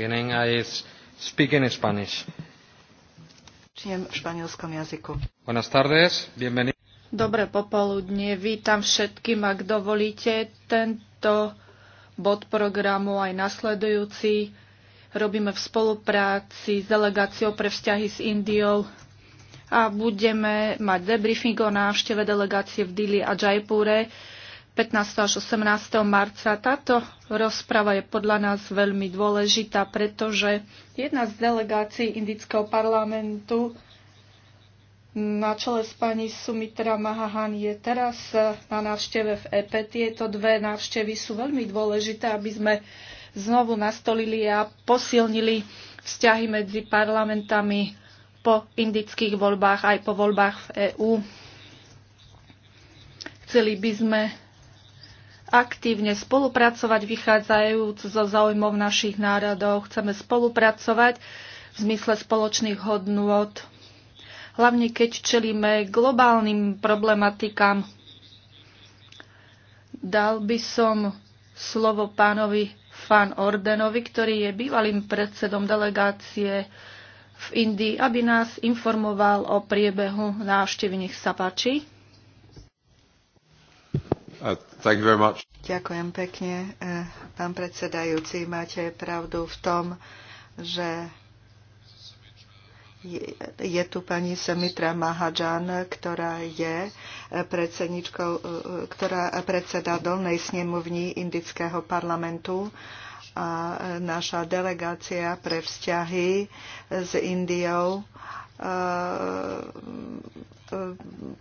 beginning. I speak in Spanish. Čiem v španielskom jazyku. Buenas tardes, bienvenido. Dobré popoludne, vítam všetkým, ak dovolíte tento bod programu aj nasledujúci. Robíme v spolupráci s delegáciou pre vzťahy s Indiou a budeme mať debriefing o návšteve delegácie v Dili a Jaipure 15. až 18. marca. Táto rozprava je podľa nás veľmi dôležitá, pretože jedna z delegácií Indického parlamentu na čele s pani Sumitra Mahahan je teraz na návšteve v EP. Tieto dve návštevy sú veľmi dôležité, aby sme znovu nastolili a posilnili vzťahy medzi parlamentami po indických voľbách aj po voľbách v EÚ. Chceli by sme aktívne spolupracovať, vychádzajúc zo záujmov našich národov. Chceme spolupracovať v zmysle spoločných hodnôt, hlavne keď čelíme globálnym problematikám. Dal by som slovo pánovi Fan Ordenovi, ktorý je bývalým predsedom delegácie v Indii, aby nás informoval o priebehu návštevy. Nech sa páči. Thank you very much. Ďakujem pekne, eh, pán predsedajúci. Máte pravdu v tom, že je tu pani Semitra Mahajan, ktorá je eh, predsedničkou, eh, ktorá predseda dolnej snemovni indického parlamentu a naša delegácia pre vzťahy s Indiou E,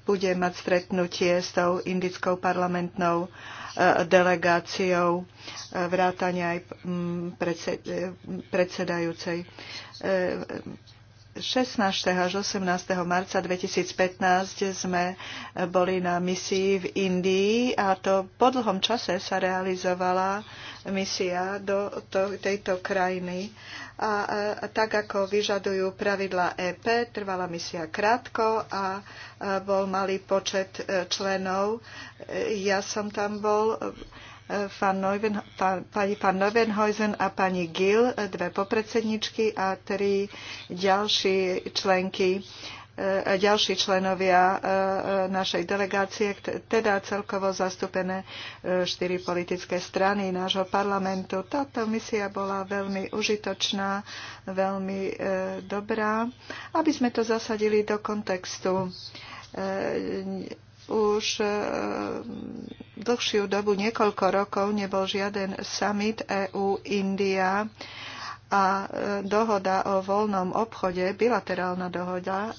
bude mať stretnutie s tou indickou parlamentnou e, delegáciou e, vrátania aj predsedajúcej 16. až 18. marca 2015 sme boli na misii v Indii a to po dlhom čase sa realizovala misia do tejto krajiny. A tak ako vyžadujú pravidla EP, trvala misia krátko a bol malý počet e, členov. E, ja som tam bol pani van Neuvenhuizen a pani Gill, dve popredsedničky a tri ďalší členky e, ďalší členovia e, e, našej delegácie, teda celkovo zastúpené štyri politické strany nášho parlamentu. Táto misia bola veľmi užitočná, veľmi dobrá, aby sme to zasadili do kontextu už eh, mm, dlhšiu dobu, niekoľko rokov, nebol žiaden summit EU-India a eh, dohoda o voľnom obchode, bilaterálna dohoda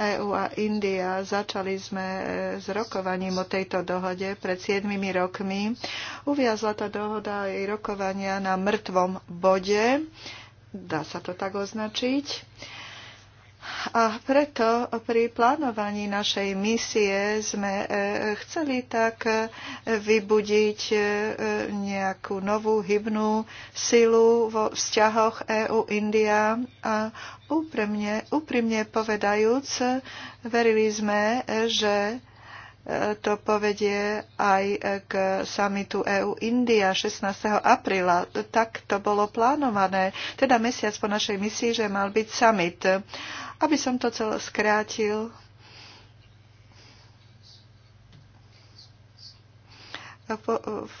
EU a India. Začali sme eh, s rokovaním o tejto dohode pred 7 rokmi. Uviazla tá dohoda a jej rokovania na mŕtvom bode. Dá sa to tak označiť a preto pri plánovaní našej misie sme e, chceli tak e, vybudiť e, nejakú novú hybnú silu vo vzťahoch EU-India a úprimne, úprimne povedajúc, verili sme, že to povedie aj k samitu EU-India 16. apríla. Tak to bolo plánované, teda mesiac po našej misii, že mal byť summit. Aby som to celé skrátil,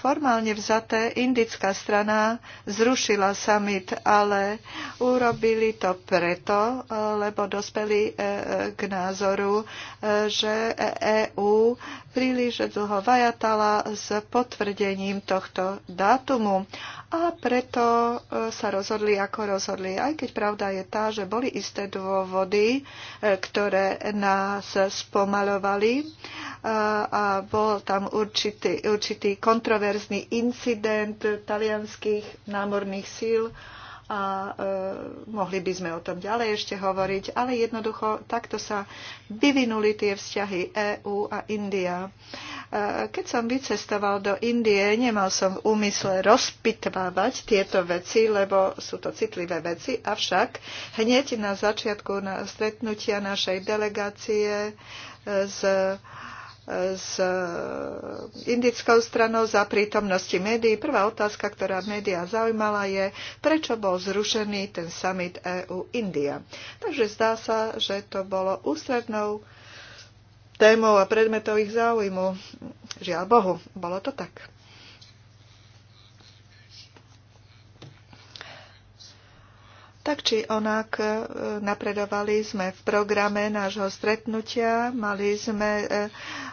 formálne vzaté indická strana zrušila summit, ale urobili to preto, lebo dospeli e, k názoru, e, že EÚ príliš dlho vajatala s potvrdením tohto dátumu a preto e, sa rozhodli, ako rozhodli. Aj keď pravda je tá, že boli isté dôvody, e, ktoré nás spomalovali e, a bol tam určitý, určitý kontroverzný incident talianských námorných síl, a e, mohli by sme o tom ďalej ešte hovoriť, ale jednoducho takto sa vyvinuli tie vzťahy EÚ a India. E, keď som vycestoval do Indie, nemal som v úmysle rozpitvávať tieto veci, lebo sú to citlivé veci, avšak hneď na začiatku na stretnutia našej delegácie z e, s e, indickou stranou za prítomnosti médií. Prvá otázka, ktorá médiá zaujímala, je, prečo bol zrušený ten summit EU-India. Takže zdá sa, že to bolo ústrednou témou a predmetov ich záujmu. Žiaľ Bohu, bolo to tak. Tak či onak e, napredovali sme v programe nášho stretnutia, mali sme e,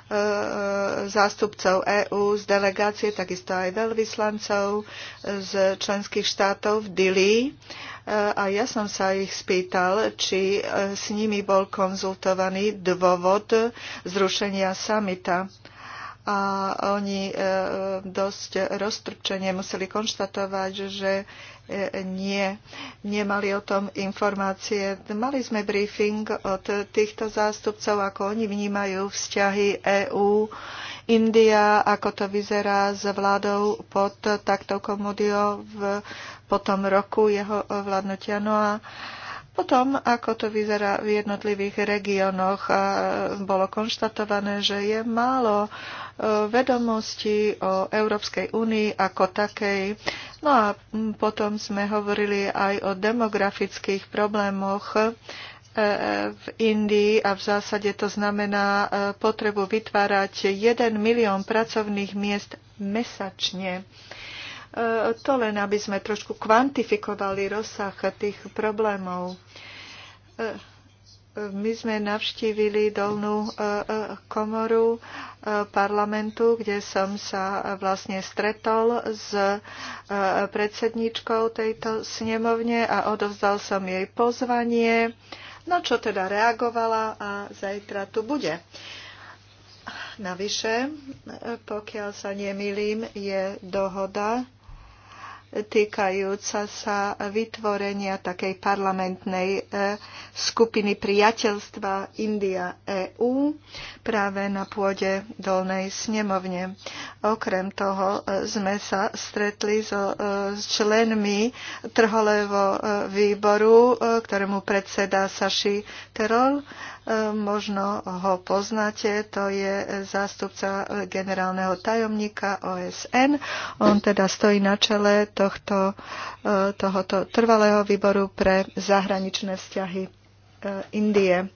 E, e, zástupcov EÚ z delegácie, takisto aj veľvyslancov z členských štátov v Dili. E, a ja som sa ich spýtal, či s nimi bol konzultovaný dôvod zrušenia samita a oni dosť roztrpčene museli konštatovať, že E, nie, nemali o tom informácie. Mali sme briefing od týchto zástupcov, ako oni vnímajú vzťahy EÚ, India, ako to vyzerá s vládou pod takto komodio v, potom roku jeho vládnutia. No a potom, ako to vyzerá v jednotlivých regiónoch, bolo konštatované, že je málo e, vedomostí o Európskej únii ako takej. No a potom sme hovorili aj o demografických problémoch e, e, v Indii a v zásade to znamená potrebu vytvárať 1 milión pracovných miest mesačne to len, aby sme trošku kvantifikovali rozsah tých problémov. My sme navštívili dolnú e, e, komoru e, parlamentu, kde som sa vlastne stretol s predsedničkou tejto snemovne a odovzdal som jej pozvanie, no čo teda reagovala a zajtra tu bude. Navyše, pokiaľ sa nemýlim, je dohoda týkajúca sa vytvorenia takej parlamentnej e, skupiny priateľstva India-EU práve na pôde Dolnej snemovne. Okrem toho e, sme sa stretli so, e, s členmi trholého výboru, ktorému predseda Saši Terol možno ho poznáte, to je zástupca generálneho tajomníka OSN. On teda stojí na čele tohto, e, tohoto trvalého výboru pre zahraničné vzťahy e, Indie.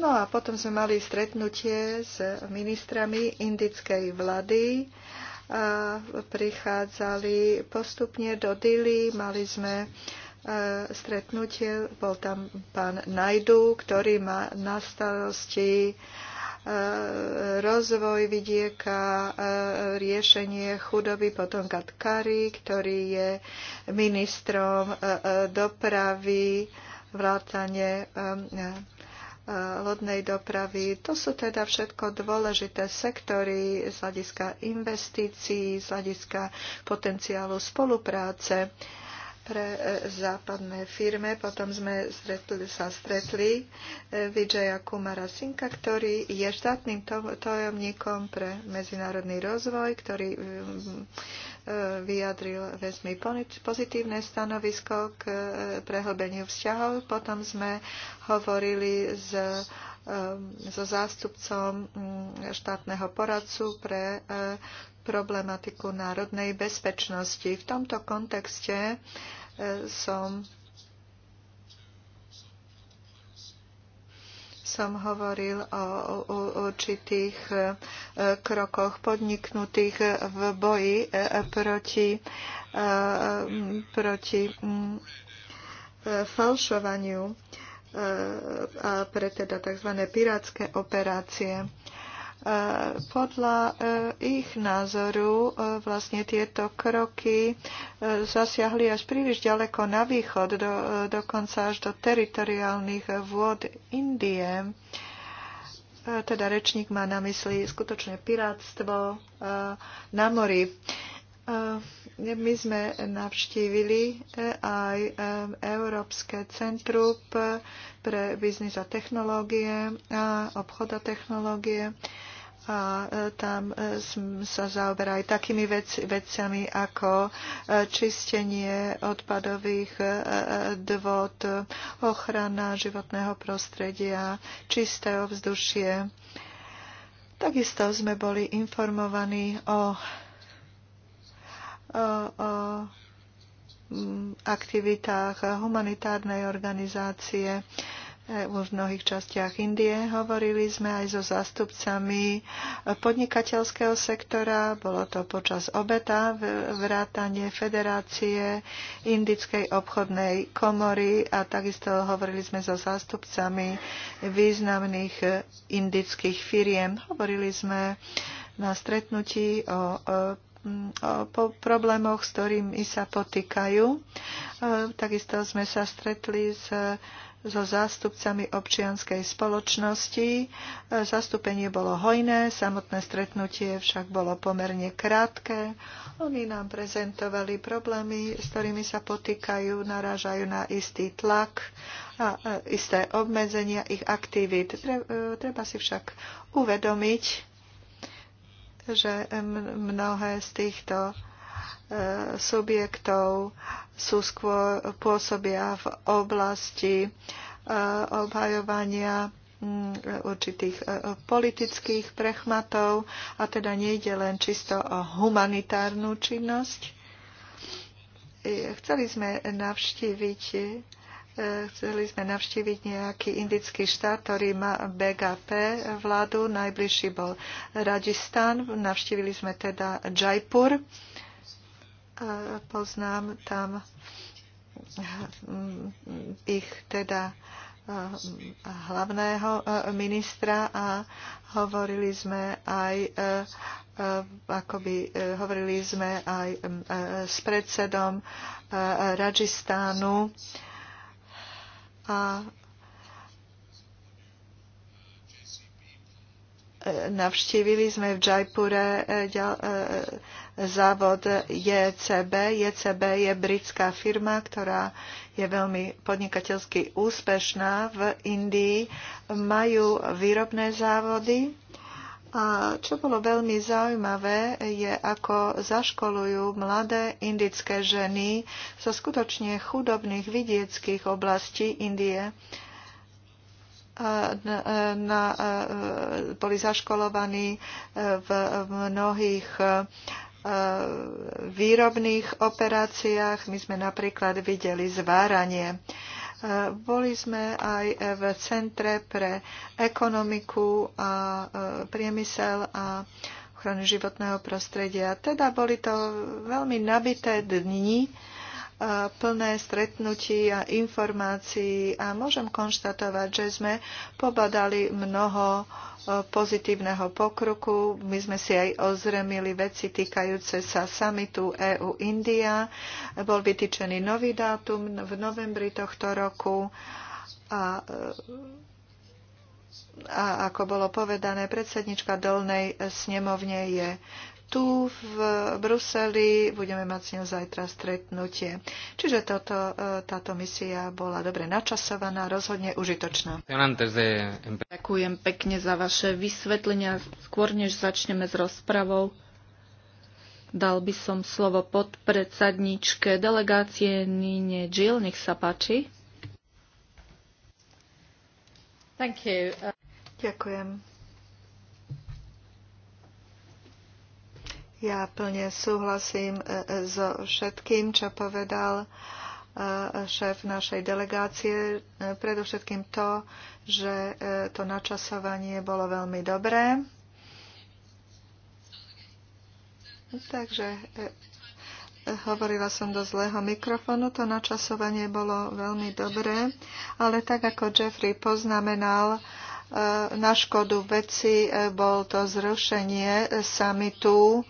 No a potom sme mali stretnutie s ministrami indickej vlády. A prichádzali postupne do Dily, mali sme uh, E, stretnutie. Bol tam pán Najdu, ktorý má na starosti e, rozvoj vidieka, e, riešenie chudoby, potom Katkari, ktorý je ministrom dopravy, vrátane lodnej dopravy. To sú teda všetko dôležité sektory z hľadiska investícií, z hľadiska potenciálu spolupráce pre e, západné firmy Potom sme stretli, sa stretli e, Vijaya Kumara Sinka, ktorý je štátnym tajomníkom pre medzinárodný rozvoj, ktorý e, vyjadril veľmi pozitívne stanovisko k prehlbeniu vzťahov. Potom sme hovorili s so zástupcom štátneho poradcu pre problematiku národnej bezpečnosti. V tomto kontexte som som hovoril o určitých e, krokoch podniknutých v boji e, proti, e, proti mm, falšovaniu a pre teda tzv. pirátske operácie. Podľa e, ich názoru e, vlastne tieto kroky e, zasiahli až príliš ďaleko na východ, do, dokonca až do teritoriálnych vôd Indie. Teda rečník má na mysli skutočné pirátstvo na mori. My sme navštívili aj Európske centrum pre biznis a technológie a obchod a technológie a e, tam e, sa zaoberá aj takými veciami vecami ako e, čistenie odpadových dvod, ochrana životného prostredia, čisté ovzdušie. Takisto sme boli informovaní o, o, o aktivitách humanitárnej organizácie, vo mnohých častiach Indie. Hovorili sme aj so zástupcami podnikateľského sektora, bolo to počas obeta vrátanie Federácie Indickej obchodnej komory a takisto hovorili sme so zástupcami významných indických firiem. Hovorili sme na stretnutí o o problémoch, s ktorými sa potýkajú. E, takisto sme sa stretli s so zástupcami občianskej spoločnosti. Zastúpenie bolo hojné, samotné stretnutie však bolo pomerne krátke. Oni nám prezentovali problémy, s ktorými sa potýkajú, narážajú na istý tlak a e, isté obmedzenia ich aktivít. E, treba si však uvedomiť, že mnohé z týchto E, subjektov sú skôr pôsobia v oblasti e, obhajovania určitých e, politických prechmatov a teda nejde len čisto o humanitárnu činnosť. Chceli sme navštíviť chceli sme navštíviť nejaký indický štát, ktorý má BGP vládu. Najbližší bol Rajasthan. Navštívili sme teda Jaipur poznám tam hm, ich teda hm, hlavného e, ministra a hovorili sme aj e, e, akoby hovorili sme aj hm, s predsedom Radžistánu a navštívili sme v Džajpure závod JCB. JCB je britská firma, ktorá je veľmi podnikateľsky úspešná v Indii. Majú výrobné závody. A čo bolo veľmi zaujímavé, je, ako zaškolujú mladé indické ženy zo skutočne chudobných vidieckých oblastí Indie. Na, na, e, boli zaškolovaní e, v mnohých e, Eh, výrobných operáciách. My sme napríklad videli zváranie. Eh, boli sme aj v Centre pre ekonomiku a eh, priemysel a ochranu životného prostredia. Teda boli to veľmi nabité dni, plné stretnutí a informácií a môžem konštatovať, že sme pobadali mnoho pozitívneho pokroku. My sme si aj ozremili veci týkajúce sa samitu EU-India. Bol vytýčený nový dátum v novembri tohto roku a a ako bolo povedané, predsednička dolnej snemovne je tu v Bruseli budeme mať s ňou zajtra stretnutie. Čiže toto, e, táto misia bola dobre načasovaná, rozhodne užitočná. Ďakujem pekne za vaše vysvetlenia. Skôr než začneme s rozpravou, dal by som slovo podpredsadničke delegácie Nine Jill. Nech sa páči. Thank you. Ďakujem. Ja plne súhlasím e, e, so všetkým, čo povedal e, šéf našej delegácie. Predovšetkým to, že to načasovanie bolo veľmi dobré. Takže hovorila som do zlého mikrofónu, to načasovanie bolo veľmi dobré, ale tak ako Jeffrey poznamenal, na škodu veci bol to zrušenie samitu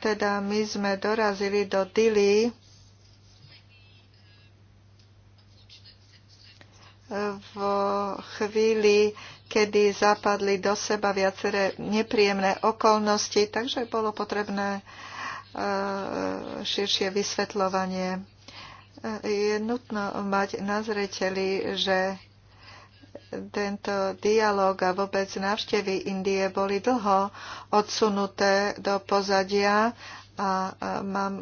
teda my sme dorazili do Dili v chvíli, kedy zapadli do seba viaceré nepríjemné okolnosti, takže bolo potrebné eh, širšie vysvetľovanie. Je nutno mať na zreteli, že tento dialog a vôbec návštevy Indie boli dlho odsunuté do pozadia a mám,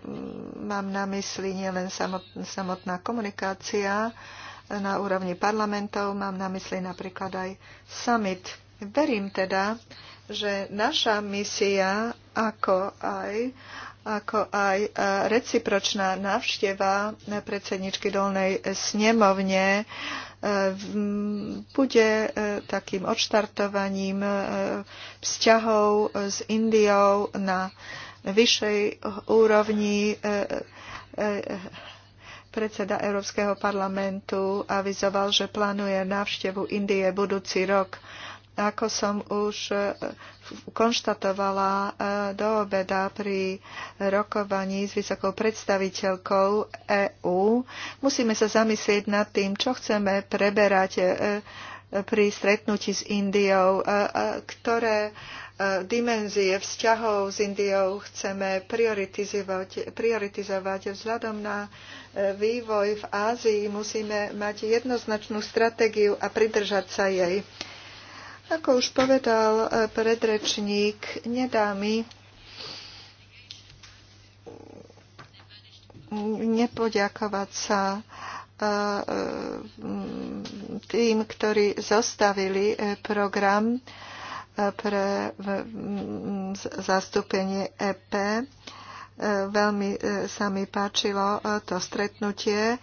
mám na mysli nielen samotná komunikácia na úrovni parlamentov, mám na mysli napríklad aj summit. Verím teda, že naša misia, ako aj, ako aj e, recipročná návšteva predsedničky Dolnej snemovne, bude e, takým odštartovaním e, vzťahov s Indiou na vyššej úrovni e, predseda Európskeho parlamentu avizoval, že plánuje návštevu Indie budúci rok. Ako som už konštatovala e, do obeda pri rokovaní s vysokou predstaviteľkou EÚ. Musíme sa zamyslieť nad tým, čo chceme preberať e, pri stretnutí s Indiou, e, ktoré dimenzie vzťahov s Indiou chceme prioritizovať, prioritizovať vzhľadom na vývoj v Ázii. Musíme mať jednoznačnú stratégiu a pridržať sa jej. Ako už povedal e, predrečník, nedá mi nepoďakovať sa e, e, tým, ktorí zostavili program pre zastúpenie EP. Veľmi sa mi páčilo to stretnutie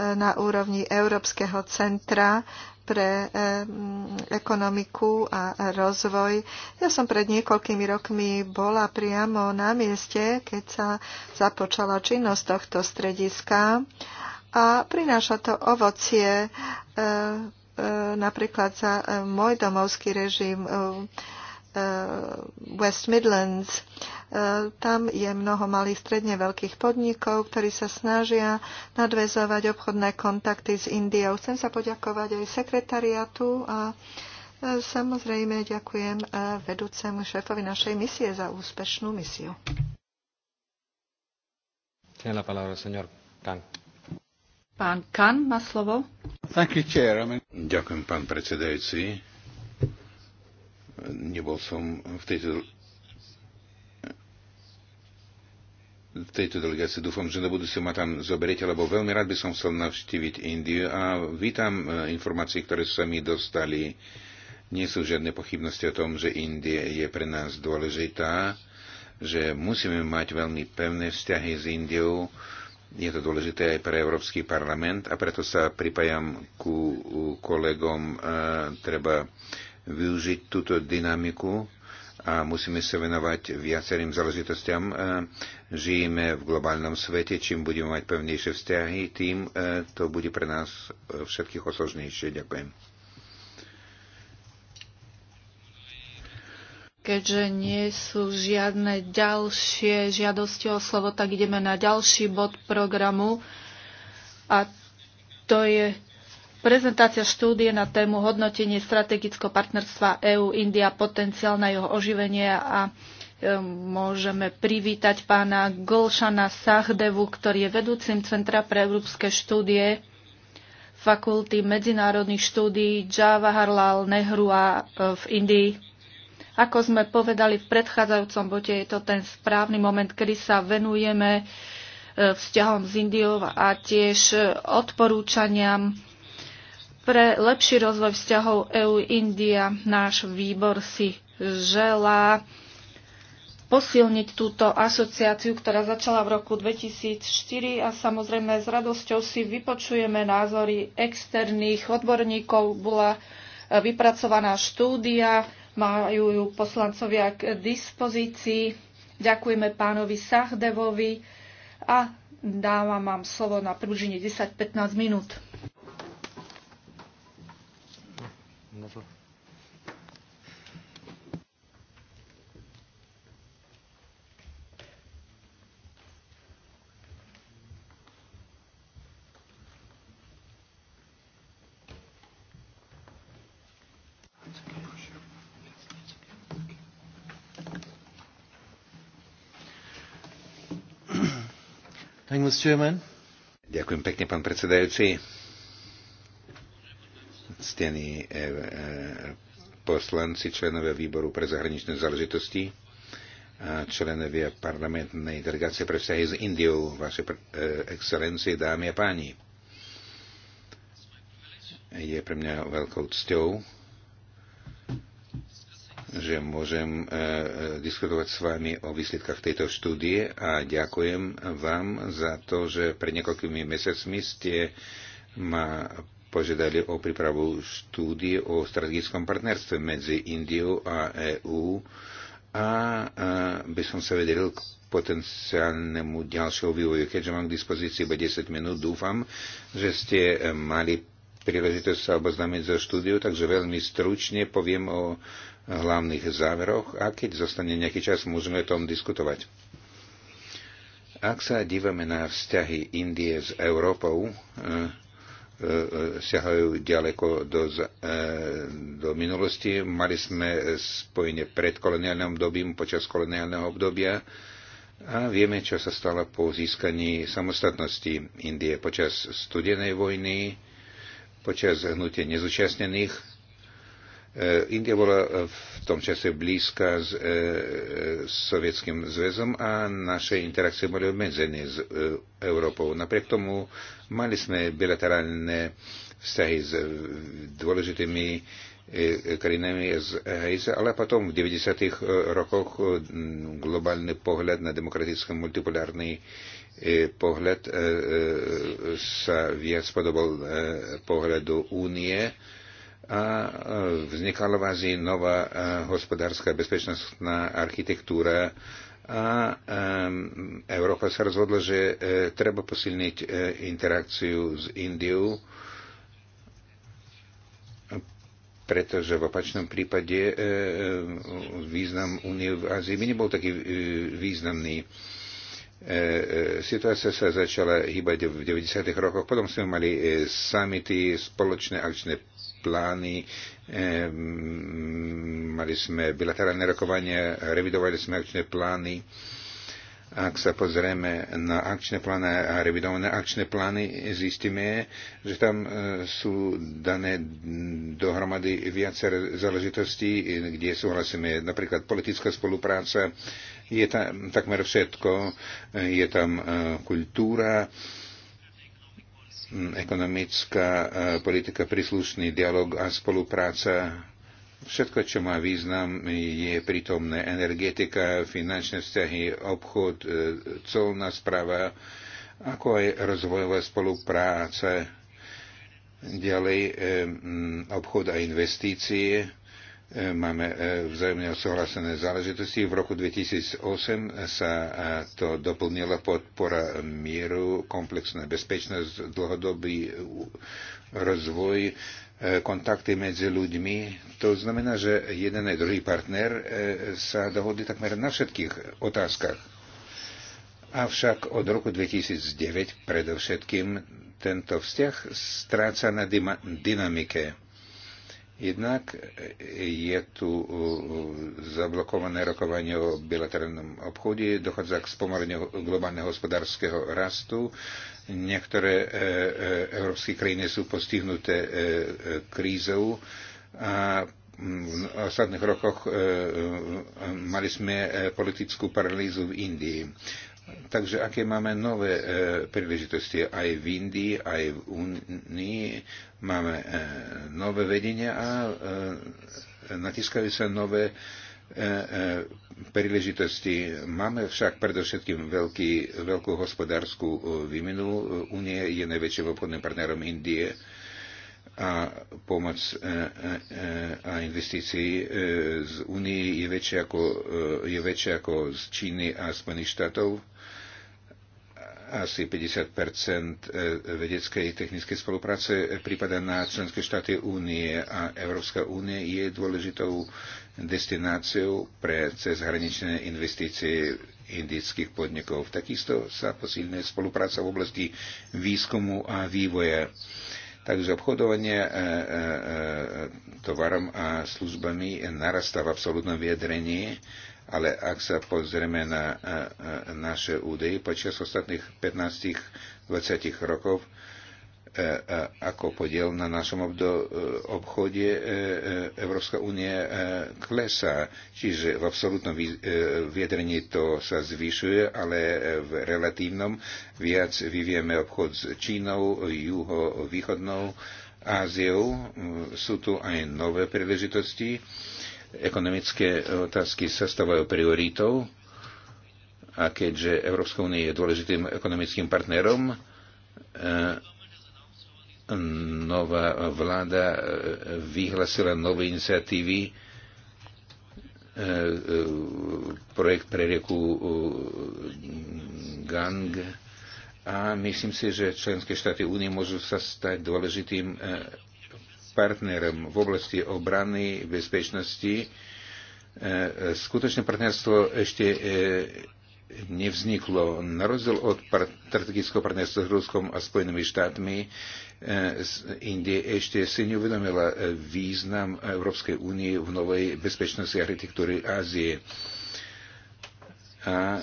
na úrovni Európskeho centra pre eh, mm, ekonomiku a rozvoj. Ja som pred niekoľkými rokmi bola priamo na mieste, keď sa započala činnosť tohto strediska a prináša to ovocie eh, eh, napríklad za môj domovský režim West Midlands tam je mnoho malých stredne veľkých podnikov, ktorí sa snažia nadvezovať obchodné kontakty s Indiou. Chcem sa poďakovať aj sekretariatu a e, samozrejme ďakujem e, vedúcemu šéfovi našej misie za úspešnú misiu. Pán Kan má slovo. Ďakujem, pán predsedajúci nebol som v tejto tejto delegácie. Dúfam, že na budúce ma tam zoberiete, lebo veľmi rád by som chcel navštíviť Indiu a vítam e, informácie, ktoré sa mi dostali. Nie sú žiadne pochybnosti o tom, že India je pre nás dôležitá, že musíme mať veľmi pevné vzťahy s Indiou. Je to dôležité aj pre Európsky parlament a preto sa pripájam ku kolegom. E, treba využiť túto dynamiku a musíme sa venovať viacerým záležitostiam. E, žijeme v globálnom svete, čím budeme mať pevnejšie vzťahy, tým e, to bude pre nás e, všetkých osožnejšie. Ďakujem. Keďže nie sú žiadne ďalšie žiadosti o slovo, tak ideme na ďalší bod programu a to je Prezentácia štúdie na tému hodnotenie strategického partnerstva EU-India, potenciál na jeho oživenie a e, môžeme privítať pána Golšana Sahdevu, ktorý je vedúcim Centra pre európske štúdie Fakulty medzinárodných štúdií Jawaharlal Nehru a e, v Indii. Ako sme povedali v predchádzajúcom bote, je to ten správny moment, kedy sa venujeme e, vzťahom s Indiou a tiež odporúčaniam pre lepší rozvoj vzťahov EU-India. Náš výbor si želá posilniť túto asociáciu, ktorá začala v roku 2004 a samozrejme s radosťou si vypočujeme názory externých odborníkov. Bola e, vypracovaná štúdia, majú ju poslancovia k dispozícii. Ďakujeme pánovi Sahdevovi a dávam vám slovo na prúžine 10-15 minút another. Ďakujem pekne, pán predsedajúci ctení e, e, poslanci, členovia výboru pre zahraničné záležitosti a členovia parlamentnej delegácie pre vzťahy s Indiou, vaše e, excelencie, dámy a páni. Je pre mňa veľkou cťou, že môžem e, e, diskutovať s vami o výsledkách tejto štúdie a ďakujem vám za to, že pred niekoľkými mesiacmi ste ma požiadali o prípravu štúdie o strategickom partnerstve medzi Indiou a EÚ a, by som sa vedel k potenciálnemu ďalšieho vývoju. Keďže mám k dispozícii iba 10 minút, dúfam, že ste e, mali príležitosť sa oboznámiť so štúdiu, takže veľmi stručne poviem o hlavných záveroch a keď zostane nejaký čas, môžeme o tom diskutovať. Ak sa dívame na vzťahy Indie s Európou, e, E, siahajú ďaleko do, e, do minulosti. Mali sme spojenie pred koloniálnym obdobím, počas koloniálneho obdobia a vieme, čo sa stalo po získaní samostatnosti Indie počas studenej vojny, počas hnutia nezúčastnených E, India bola e, v tom čase blízka s e, Sovietským zväzom a naše interakcie boli obmedzené s Európou. Napriek tomu mali sme bilaterálne vzťahy s dôležitými krajinami z Hejza, ale potom v 90. rokoch globálny pohľad na demokratický multipolárny pohľad sa viac podobal pohľadu únie a vznikala v Ázii nová hospodárska bezpečnostná architektúra a Európa sa rozhodla, že e, treba posilniť e, interakciu s Indiou, pretože v opačnom prípade e, význam Unie v Ázii by nebol taký významný. Situácia sa začala hýbať v 90. rokoch, potom sme mali samity, spoločné akčné plány, mali sme bilaterálne rokovanie, revidovali sme akčné plány. Ak sa pozrieme na akčné plány a revidované akčné plány, zistíme, že tam e, sú dané dohromady viaceré záležitosti, kde súhlasíme napríklad politická spolupráca, je tam takmer všetko, e, je tam e, kultúra, Mm, ekonomická e, politika, príslušný dialog a spolupráca. Všetko, čo má význam, je prítomné. Energetika, finančné vzťahy, obchod, e, colná správa, ako aj rozvojová spolupráca, ďalej e, mm, obchod a investície E, máme e, vzájomne odsúhlasené záležitosti. V roku 2008 sa e, to doplnila podpora mieru, komplexná bezpečnosť, dlhodobý rozvoj, kontakty medzi ľuďmi. To znamená, že jeden aj druhý partner sa dohodli takmer na všetkých otázkach. Avšak od roku 2009 predovšetkým tento vzťah stráca na dynamike Jednak e, je tu e, zablokované rokovanie o bilaterálnom obchode, dochádza k spomaleniu globálneho hospodárskeho rastu. Niektoré e, európske krajiny sú postihnuté krízou a v ostatných rokoch mali sme politickú paralýzu v Indii. Takže aké máme nové e, príležitosti aj v Indii, aj v Unii, máme e, nové vedenia a e, natiskajú sa nové e, e, príležitosti. Máme však predovšetkým veľký, veľkú hospodárskú e, výmenu. Unie je najväčším obchodným partnerom Indie a pomoc e, e, a investícií z Unii je väčšia ako, je väčšia ako z Číny a Spojených štátov asi 50 e, vedeckej technickej spolupráce e, prípada na členské štáty únie a Európska únie je dôležitou destináciou pre cezhraničné investície indických podnikov. Takisto sa posilne spolupráca v oblasti výskumu a vývoja. Takže obchodovanie e, tovarom a službami narastá v absolútnom vyjadrení ale ak sa pozrieme na naše údeje počas ostatných 15-20 rokov, e, e, ako podiel na našom obdo- e, obchode Európska únie klesá. Čiže v absolútnom viedrení to sa zvyšuje, ale v relatívnom viac vyvieme obchod s Čínou, juho-východnou Áziou. Sú tu aj nové príležitosti Ekonomické otázky sa stávajú prioritou a keďže Európska únia je dôležitým ekonomickým partnerom, eh, nová vláda eh, vyhlasila nové iniciatívy, eh, projekt pre rieku Gang a myslím si, že členské štáty únie môžu sa stať dôležitým partnerom v oblasti obrany, bezpečnosti. E, Skutočné partnerstvo ešte e, nevzniklo. Na rozdiel od strategického partnerstva s Ruskom a Spojenými štátmi, e, Indie ešte si neuvedomila význam Európskej únie v novej bezpečnosti architektúry Ázie. A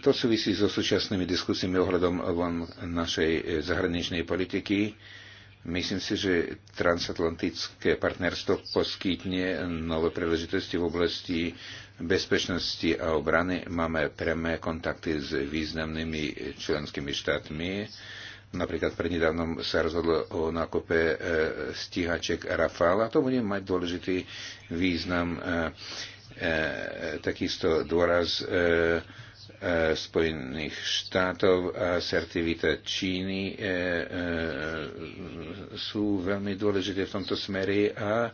to súvisí so súčasnými diskusiami ohľadom našej zahraničnej politiky Myslím si, že transatlantické partnerstvo poskytne nové príležitosti v oblasti bezpečnosti a obrany. Máme priame kontakty s významnými členskými štátmi. Napríklad prednedávnom sa rozhodlo o nákope e, stíhaček Rafale a to bude mať dôležitý význam, e, e, takisto dôraz E, Spojených štátov a asertivita Číny e, e, sú veľmi dôležité v tomto smere a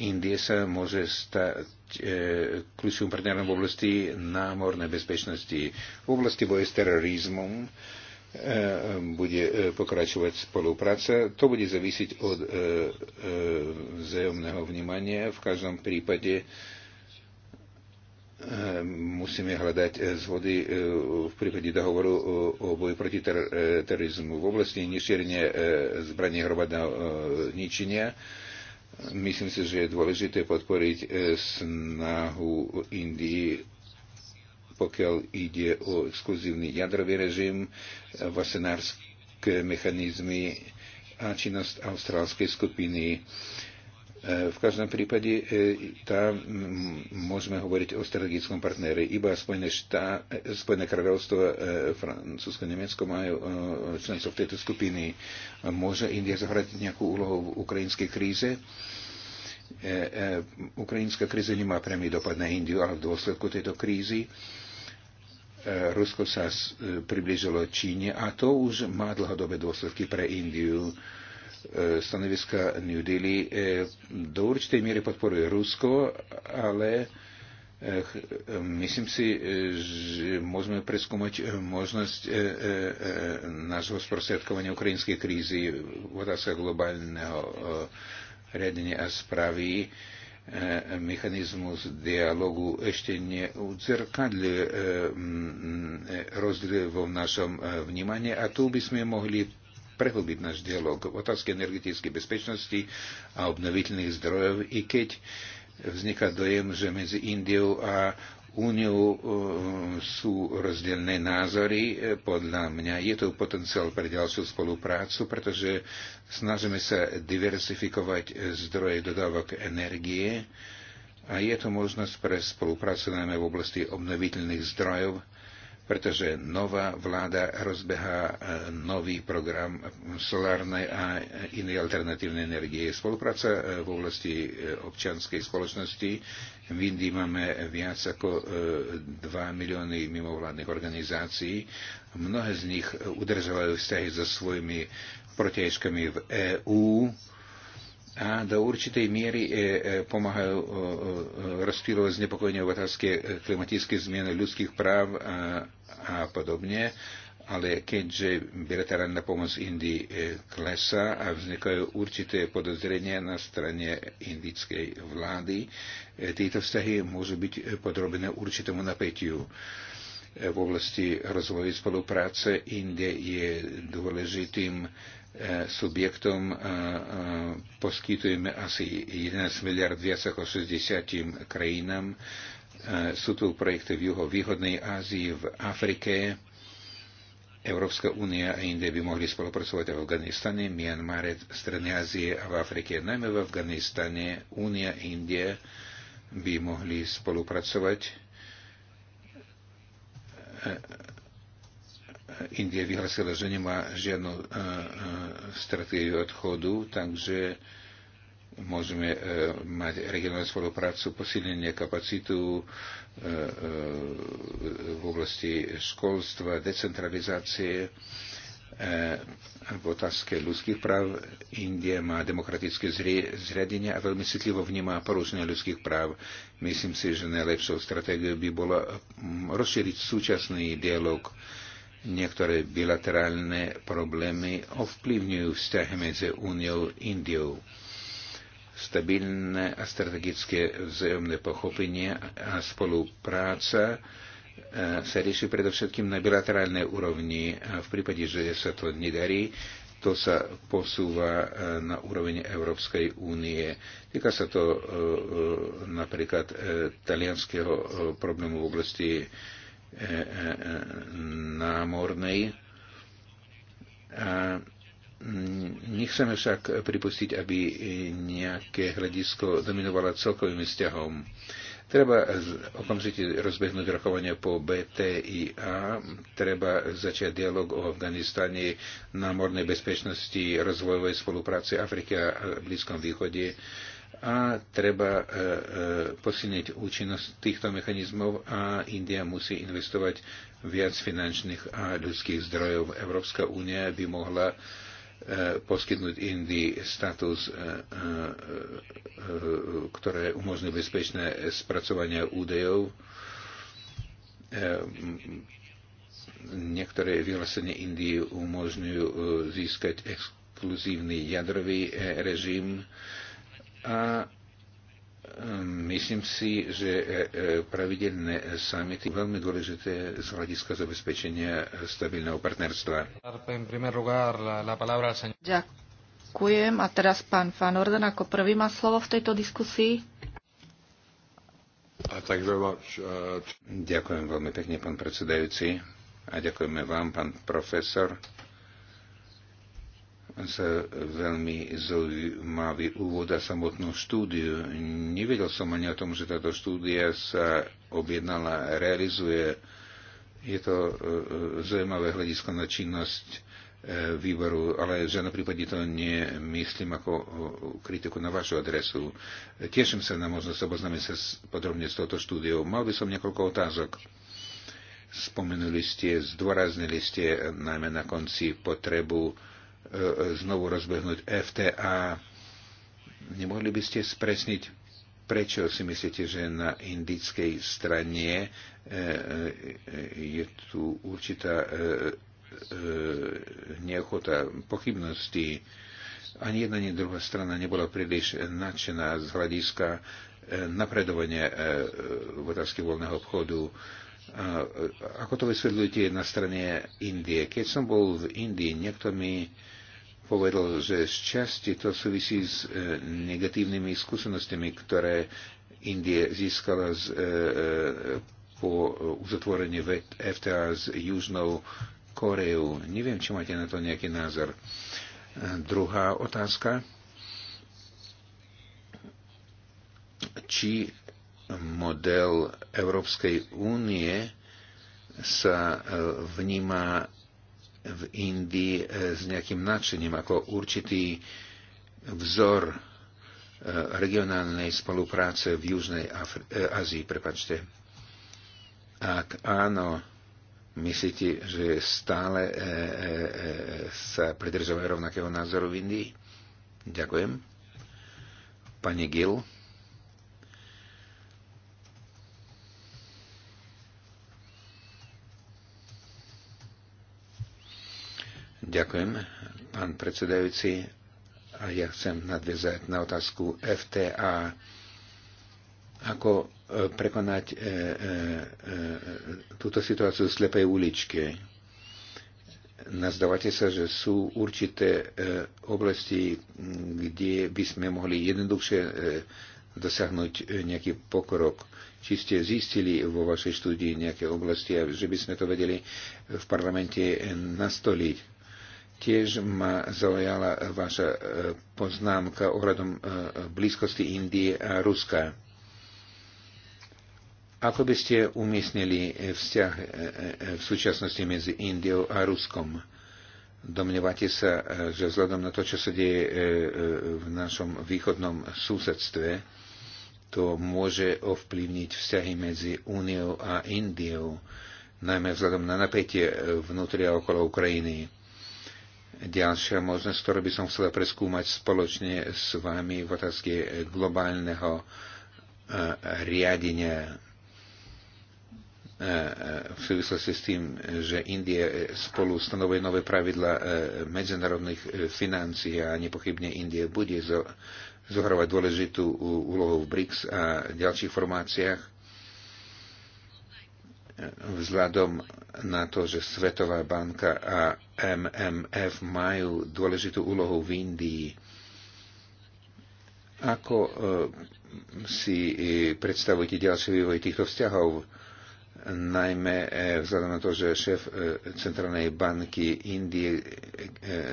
Indie sa môže stať e, kľúčovým partnerom v oblasti námornej bezpečnosti. V oblasti boje s terorizmom e, bude e, pokračovať spolupráca. To bude zavisiť od e, e, vzájomného vnímania. V každom prípade e, Ehm, musíme hľadať e, zhody e, v prípade dohovoru e, o boji proti ter- terorizmu v oblasti nešírenia zbraní hromadného ničenia. Myslím si, že je dôležité podporiť snahu Indii pokiaľ ide o exkluzívny jadrový režim, vasenárske mechanizmy a činnosť austrálskej skupiny. E, v každom prípade e, tam môžeme hovoriť o strategickom partnere. Iba Spojené, štá, e, Spojené kráľovstvo, e, Francúzsko, Nemecko majú členstvo v tejto skupiny. Môže India zahrať nejakú úlohu v ukrajinskej kríze? Ukrajinská kríza nemá priamy dopad na Indiu, ale v dôsledku tejto krízy Rusko sa približilo Číne a to už má dlhodobé dôsledky pre Indiu. E, stanoviska New Delhi e, do určitej miery podporuje Rusko, ale e, myslím si, že môžeme preskúmať možnosť nášho sprostredkovania ukrajinskej krízy v otázkach globálneho riadenia a správy mechanizmus dialogu ešte neudzerkadli rozdiel vo našom vnímaní a tu by sme mohli prehlbiť náš dialog v otázke energetickej bezpečnosti a obnoviteľných zdrojov, i keď vzniká dojem, že medzi Indiou a Úniou e, sú rozdielne názory. E, Podľa mňa je to potenciál pre ďalšiu spoluprácu, pretože snažíme sa diversifikovať zdroje dodávok energie a je to možnosť pre spoluprácu najmä v oblasti obnoviteľných zdrojov pretože nová vláda rozbehá e, nový program solárnej a inej alternatívnej energie. Spolupráca e, v oblasti e, občianskej spoločnosti. V Indii máme viac ako 2 milióny mimovládnych organizácií. Mnohé z nich udržovajú vzťahy so svojimi protiežkami v EÚ a do určitej miery e, e, pomáhajú e, e rozptýlovať znepokojenie obyvateľské e, klimatické zmieny ľudských práv a, a podobne. Ale keďže bilaterálna pomoc Indii e, klesá a vznikajú určité podozrenia na strane indickej vlády, tieto vzťahy môžu byť podrobené určitému napätiu v oblasti rozvoju spolupráce. Indie je dôležitým Eh, subjektom eh, eh, poskytujeme asi 11 miliard viac ako 60 krajinám. Sú tu projekty v juhovýchodnej Ázii, v Afrike. Európska únia a Indie by mohli spolupracovať v Afganistane, Mianmare, Strednej Ázie a v Afrike. Najmä v Afganistane Únia a Indie by mohli spolupracovať India vyhlasila, že nemá žiadnu e, e, stratégiu odchodu, takže môžeme e, mať regionálnu spoluprácu, posilnenie kapacitu v oblasti školstva, decentralizácie. V otázke ľudských práv India má demokratické zriadenie a veľmi citlivo vníma porušenie ľudských práv. Myslím si, že najlepšou stratégiou by bolo rozšíriť súčasný dialog Niektoré bilaterálne problémy ovplyvňujú vzťahy medzi Úniou a Indiou. Stabilné a strategické vzájomné pochopenie a spolupráca e, sa rieši predovšetkým na bilaterálnej úrovni a v prípade, že sa to nedarí, to sa posúva e, na úroveň Európskej únie. Týka sa to e, napríklad talianského problému v oblasti E, e, e, námornej. A mm, nechceme však pripustiť, aby nejaké hľadisko dominovalo celkovým vzťahom. Treba okamžite rozbehnúť rokovania po BTIA, treba začať dialog o Afganistane, námornej bezpečnosti, rozvojovej spolupráci Afriky a Blízkom východe a treba e, e, posilniť účinnosť týchto mechanizmov a India musí investovať viac finančných a ľudských zdrojov. Európska únia by mohla e, poskytnúť Indii status, ktoré umožní bezpečné spracovanie údajov. Ehm, niektoré vyhlásenie Indii umožňujú získať exkluzívny jadrový režim, a e, myslím si, že e, e, pravidelné samity sú veľmi dôležité z hľadiska zabezpečenia stabilného partnerstva. Ďakujem. A teraz pán Van Orden ako prvý má slovo v tejto diskusii. Uh, uh, Ďakujem veľmi pekne, pán predsedajúci. A ďakujeme vám, pán profesor sa veľmi zaujímavý úvod a samotnú štúdiu. Nevedel som ani o tom, že táto štúdia sa objednala, realizuje. Je to e, e, zaujímavé hľadisko na činnosť e, výboru, ale že na prípade to nemyslím ako kritiku na vašu adresu. Teším sa na možnosť oboznámiť sa podrobne s touto štúdiou. Mal by som niekoľko otázok spomenuli ste, zdôraznili ste najmä na konci potrebu E, znovu rozbehnúť FTA. Nemohli by ste spresniť, prečo si myslíte, že na indickej strane e, e, je tu určitá neochota, pochybnosti. Ani jedna, ani druhá strana nebola príliš nadšená z hľadiska napredovania v otázke voľného obchodu. Ako to vysvetľujete na strane Indie? Keď som bol v Indii, niekto mi povedal, že z časti to súvisí s e, negatívnymi skúsenostiami, ktoré Indie získala z, e, e, po uzatvorení FTA s Južnou Koreou. Neviem, či máte na to nejaký názor. Druhá otázka. Či model Európskej únie sa vníma v Indii e, s nejakým nadšením ako určitý vzor e, regionálnej spolupráce v Južnej e, Ázii. Prepačte. Ak áno, myslíte, že stále e, e, sa pridržuje rovnakého názoru v Indii? Ďakujem. Pani Gill. Ďakujem, pán predsedajúci. A ja chcem nadviezať na otázku FTA. Ako e, prekonať e, e, e, túto situáciu v slepej uličke? Nazdávate sa, že sú určité e, oblasti, kde by sme mohli jednoduchšie e, dosiahnuť e, nejaký pokrok. Či ste zistili vo vašej štúdii nejaké oblasti, že by sme to vedeli v parlamente nastoliť? Tiež ma zaujala vaša e, poznámka ohľadom e, blízkosti Indie a Ruska. Ako by ste umiestnili e, vzťah v súčasnosti medzi Indiou a Ruskom? Domnievate sa, že vzhľadom na to, čo sa deje v našom východnom susedstve, to môže ovplyvniť vzťahy medzi Úniou a Indiou, najmä vzhľadom na napätie vnútri a okolo Ukrajiny Ďalšia možnosť, ktorú by som chcel preskúmať spoločne s vami v otázke globálneho e, riadenia e, e, v súvislosti s tým, že Indie spolu stanovuje nové pravidla medzinárodných financií a nepochybne Indie bude zohrávať dôležitú úlohu v BRICS a ďalších formáciách vzhľadom na to, že Svetová banka a MMF majú dôležitú úlohu v Indii. Ako e, si e, predstavujete ďalší vývoj týchto vzťahov? najmä e, vzhľadom na to, že šéf Centrálnej banky Indie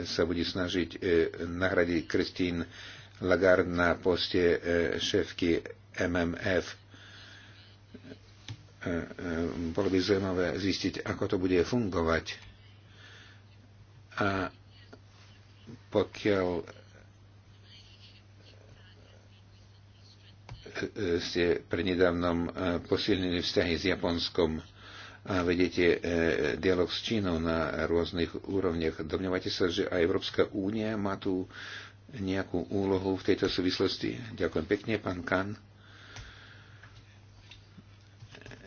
sa bude snažiť nahradiť Kristín Lagarde na poste šéfky MMF. E, e, bolo by zaujímavé zistiť, ako to bude fungovať. A pokiaľ e, ste prednedávnom posilnili vzťahy s Japonskom a vedete dialog s Čínou na rôznych úrovniach. domňovate sa, že aj Európska únia má tu nejakú úlohu v tejto súvislosti? Ďakujem pekne, pán Kan.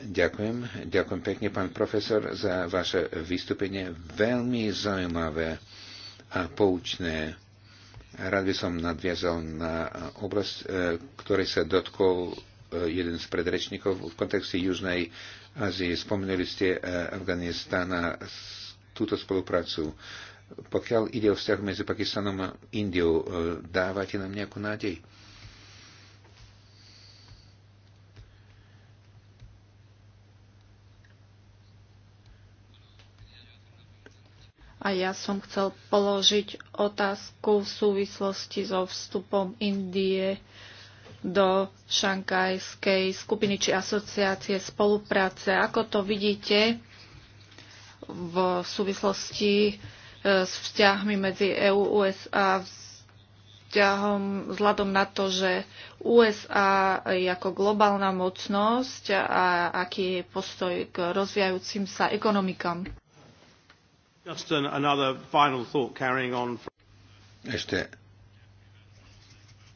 Ďakujem. Ďakujem pekne, pán profesor, za vaše vystúpenie. Veľmi zaujímavé a poučné. Rád by som nadviazal na oblasť, e, ktorej sa dotkol e, jeden z predrečníkov v kontexte Južnej Ázie. Spomenuli ste e, Afganistán a túto spoluprácu. Pokiaľ ide o vzťah medzi Pakistanom a Indiou, dávate nám nejakú nádej? A ja som chcel položiť otázku v súvislosti so vstupom Indie do šankajskej skupiny či asociácie spolupráce. Ako to vidíte v súvislosti e, s vzťahmi medzi EU, USA, vzťahom vzhľadom na to, že USA je ako globálna mocnosť a aký je postoj k rozvíjajúcim sa ekonomikám? Ešte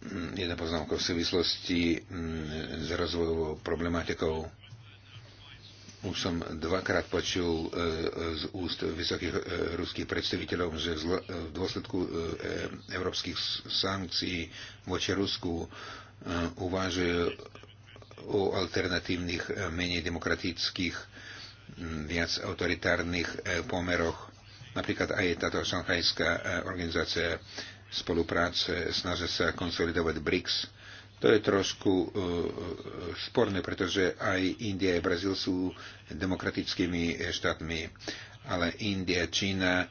mm, jedna poznámka v súvislosti mm, s rozvojovou problematikou. Už som dvakrát počul e, z úst vysokých e, ruských predstaviteľov, že v e, dôsledku európskych sankcií voči Rusku uvažujú o alternatívnych, menej demokratických, viac autoritárnych pomeroch Napríklad aj táto šanghajská e, organizácia spolupráce snaží sa konsolidovať BRICS. To je trošku uh, sporné, pretože aj India a Brazíl sú demokratickými štátmi, ale India, Čína,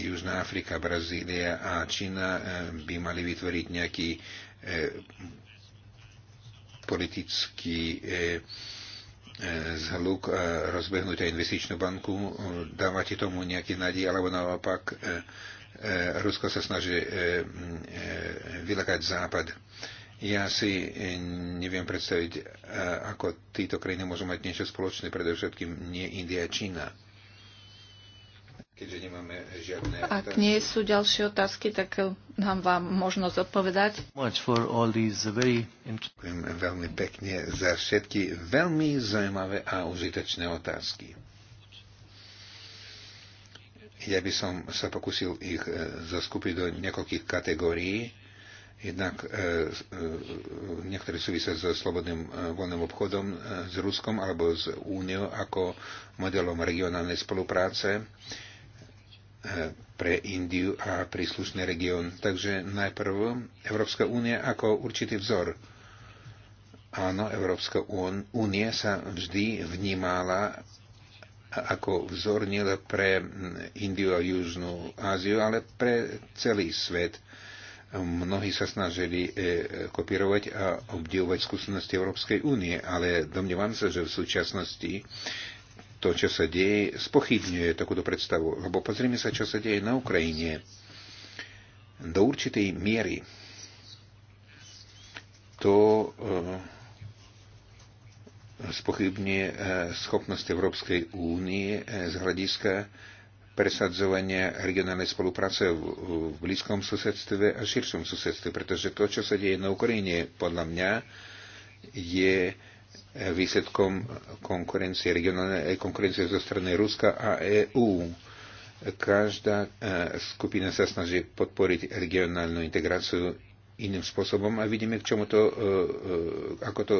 Južná Afrika, Brazília a Čína by mali vytvoriť nejaký uh, politický uh, E, zhluk e, rozbehnúť aj investičnú banku. Dávate tomu nejaký nádej, alebo naopak e, Rusko sa snaží vylakať západ. Ja si neviem predstaviť, ako títo krajiny môžu mať niečo spoločné, predovšetkým nie India a Čína. Keďže nemáme žiadne... Ak nie sú ďalšie otázky, tak nám vám možnosť odpovedať. Ďakujem veľmi pekne za všetky veľmi zaujímavé a užitočné otázky. Ja by som sa pokusil ich e, zaskúpiť do niekoľkých kategórií. Jednak e, e, niektoré súvisia so slobodným e, voľným obchodom e, s Ruskom alebo s Úniou ako modelom regionálnej spolupráce. E, pre Indiu a príslušný región. Takže najprv Európska únia ako určitý vzor. Áno, Európska únia sa vždy vnímala ako vzor nielen pre Indiu a Južnú Áziu, ale pre celý svet. Mnohí sa snažili e, kopírovať a obdivovať skúsenosti Európskej únie, ale domnievam sa, že v súčasnosti to, čo sa deje, spochybňuje takúto predstavu. Lebo pozrime sa, čo sa deje na Ukrajine. Do určitej miery to uh, spochybňuje uh, schopnosť Európskej únie uh, z hľadiska presadzovania regionálnej spolupráce v v blízkom susedstve a širšom susedstve, pretože to, čo sa deje na Ukrajine, podľa mňa je uh, výsledkom konkurencie, regionálnej eh, konkurencie zo strany Ruska a EÚ. Každá eh, skupina sa snaží podporiť regionálnu integráciu iným spôsobom a vidíme, k čomu to, eh, ako to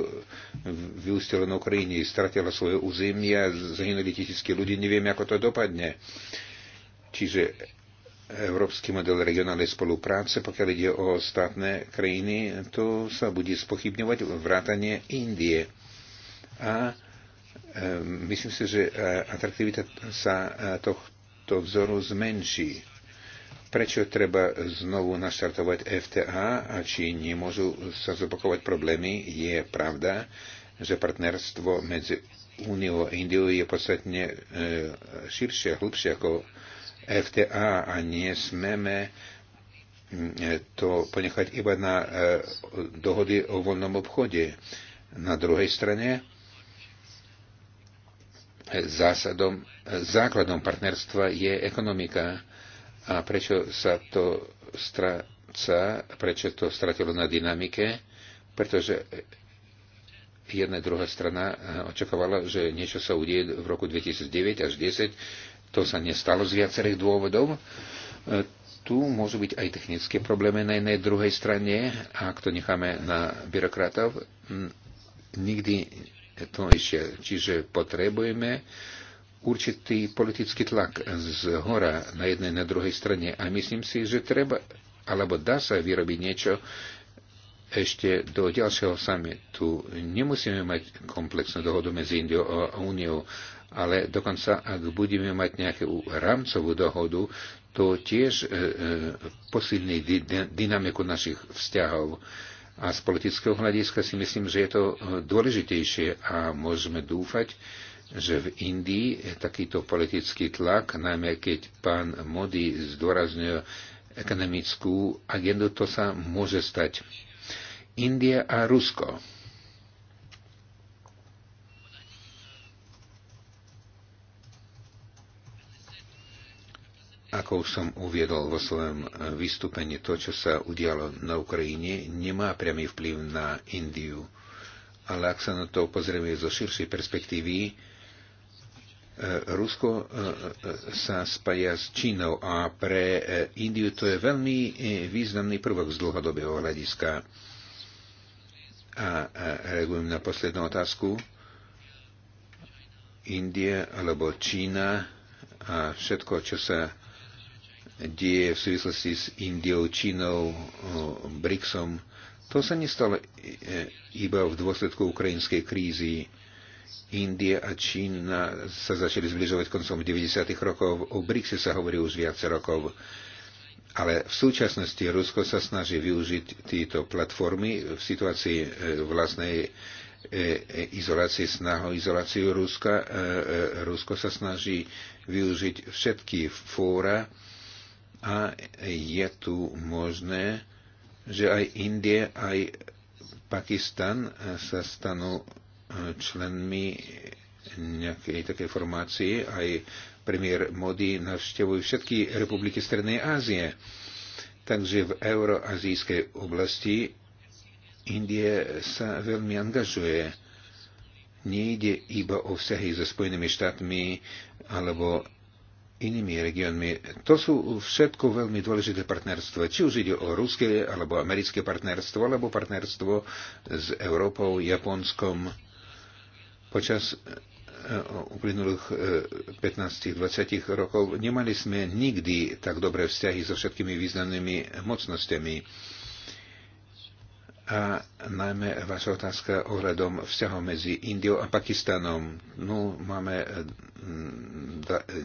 vyústilo na Ukrajine. Stratila svoje územie, a zahynuli tisícky ľudí, nevieme, ako to dopadne. Čiže európsky model regionálnej spolupráce, pokiaľ ide o ostatné krajiny, to sa bude spochybňovať vrátanie Indie a myslím si, že e, atraktivita sa e, tohto vzoru zmenší. Prečo treba znovu naštartovať FTA a či nemôžu sa zopakovať problémy? Je pravda, že partnerstvo medzi Úniou a Indiou je podstatne e, širšie a hlbšie ako FTA a nesmeme to ponechať iba na dohody o voľnom obchode. Na druhej strane zásadom, základom partnerstva je ekonomika. A prečo sa to stráca, prečo to stratilo na dynamike? Pretože jedna druhá strana eh, očakávala, že niečo sa udeje v roku 2009 až 2010. To sa nestalo z viacerých dôvodov. Eh, tu môžu byť aj technické problémy na jednej druhej strane, ak to necháme na byrokratov, hm, nikdy ešte. Čiže potrebujeme určitý politický tlak z hora na jednej na druhej strane a myslím si, že treba alebo dá sa vyrobiť niečo ešte do ďalšieho samitu. Nemusíme mať komplexnú dohodu medzi Indiou a Úniou, ale dokonca ak budeme mať nejakú rámcovú dohodu, to tiež e, e, posilní dynamiku našich vzťahov. E, a z politického hľadiska si myslím, že je to eh, dôležitejšie a môžeme dúfať, že v Indii takýto politický tlak, najmä keď pán Modi zdôrazňuje ekonomickú agendu, to sa môže stať. India a Rusko Ako už som uviedol vo svojom e, vystúpení, to, čo sa udialo na Ukrajine, nemá priamy vplyv na Indiu. Ale ak sa na to pozrieme zo širšej perspektívy, e, Rusko e, sa spája s Čínou a pre Indiu to je veľmi významný prvok z dlhodobého hľadiska. A reagujem na poslednú otázku. India alebo Čína a všetko, čo sa deje v súvislosti s Indiou, Čínou, eh, BRICSom, to sa nestalo eh, iba v dôsledku ukrajinskej krízy. India a Čína sa začali zbližovať koncom 90. rokov, o BRICSe sa hovorí už viac rokov. Ale v súčasnosti Rusko sa snaží využiť tieto platformy v situácii eh, vlastnej izolácie, snaho izoláciu Ruska. Rusko sa snaží využiť všetky fóra, a je tu možné, že aj Indie, aj Pakistan sa stanú e, členmi nejakej takej formácie. Aj premiér Modi navštevujú všetky republiky Strednej Ázie. Takže v euroazijskej oblasti Indie sa veľmi angažuje. Nejde iba o vzťahy so Spojenými štátmi alebo inými regiónmi. To sú všetko veľmi dôležité partnerstva. Či už ide o ruské alebo americké partnerstvo, alebo partnerstvo s Európou, Japonskom. Počas e, uplynulých 15-20 e, rokov nemali sme nikdy tak dobré vzťahy so všetkými významnými mocnosťami a najmä vaša otázka ohľadom vzťahov medzi Indiou a Pakistanom. No, máme mm,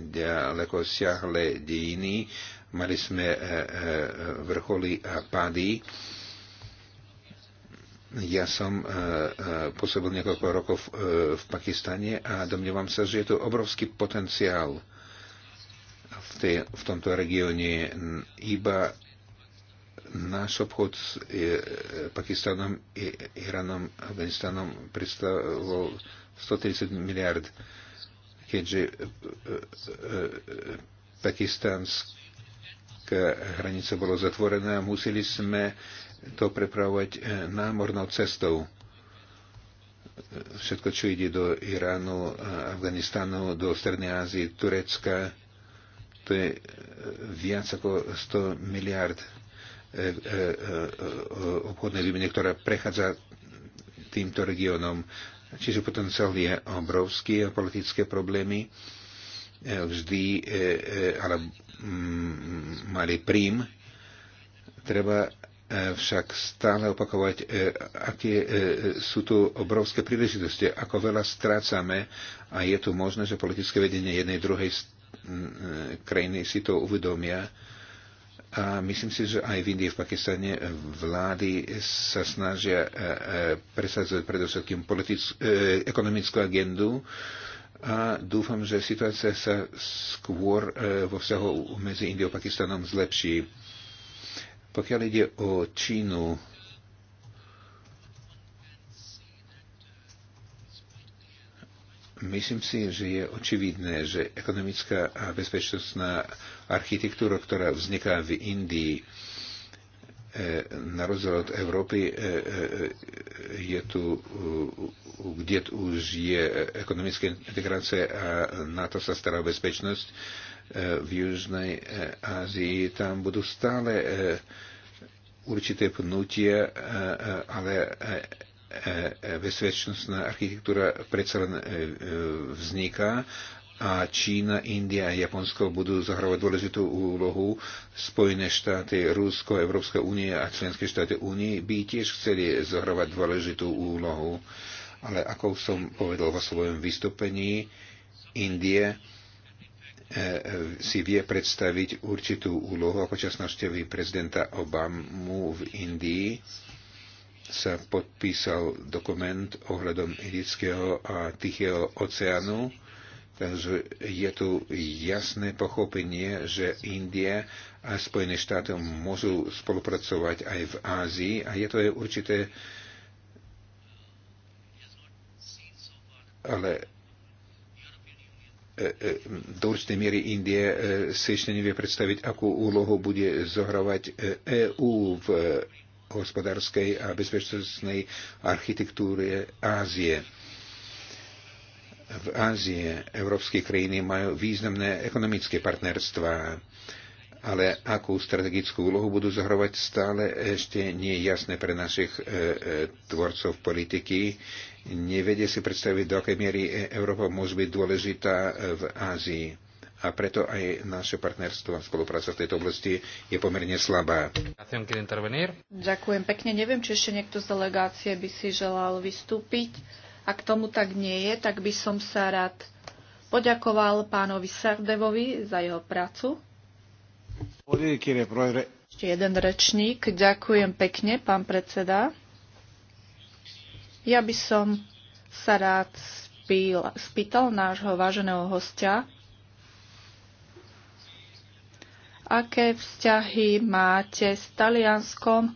ďaleko siahle dejiny, mali sme e, e, vrcholy a pády. Ja som e, pôsobil niekoľko rokov v Pakistane a domnievam sa, že je to obrovský potenciál v, tej, v tomto regióne. Iba náš obchod s e, Pakistanom, e, Iránom, Afganistanom predstavoval 130 miliard, keďže e, pakistánska hranica bola zatvorená, museli sme to prepravovať námornou cestou. Všetko, čo ide do Iránu, Afganistanu, do Strednej Ázie, Turecka, to je viac ako 100 miliard E, e, e, obchodnej výmene, ktorá prechádza týmto regiónom. Čiže potenciál je obrovský a politické problémy vždy ale mm, mali príjm. Treba však stále opakovať, aké sú tu obrovské príležitosti, ako veľa strácame a je tu možné, že politické vedenie jednej druhej krajiny si to uvedomia a myslím si, že aj v Indii, v Pakistane vlády sa snažia e, e, presadzovať predovšetkým politickú, e, ekonomickú agendu a dúfam, že situácia sa skôr vo vzťahu medzi Indiou a Pakistanom zlepší. Pokiaľ ide o Čínu, Myslím si, že je očividné, že ekonomická a bezpečnostná architektúra, ktorá vzniká v Indii, e, na rozdiel od Európy e, e, je tu, kde tu už je ekonomická integrácia a NATO sa stará bezpečnosť. V Južnej Ázii tam budú stále určité pnutie, ale E, e, bezpečnostná architektúra predsa len e, vzniká a Čína, India a Japonsko budú zahrávať dôležitú úlohu. Spojené štáty, Rusko, Európska únie a členské štáty únie by tiež chceli zahrávať dôležitú úlohu. Ale ako som povedal vo svojom vystúpení, Indie si vie predstaviť určitú úlohu ako čas prezidenta Obamu v Indii sa podpísal dokument ohľadom Indického a Tichého oceánu, takže je tu jasné pochopenie, že Indie a Spojené štáty môžu spolupracovať aj v Ázii a je to aj určité ale e, e, do určitej miery Indie e, si ešte nevie predstaviť, akú úlohu bude zohrávať EÚ v hospodárskej a bezpečnostnej architektúry Ázie. V Ázie európske krajiny majú významné ekonomické partnerstvá, ale akú strategickú úlohu budú zohrovať stále ešte nie je jasné pre našich e, e, tvorcov politiky. Nevedie si predstaviť, do akej miery Európa môže byť dôležitá e, v Ázii a preto aj naše partnerstvo a spolupráca v tejto oblasti je pomerne slabá. Ďakujem pekne. Neviem, či ešte niekto z delegácie by si želal vystúpiť. Ak tomu tak nie je, tak by som sa rád poďakoval pánovi Sardevovi za jeho prácu. Ešte jeden rečník. Ďakujem pekne, pán predseda. Ja by som sa rád spýtal nášho váženého hostia, aké vzťahy máte s Talianskom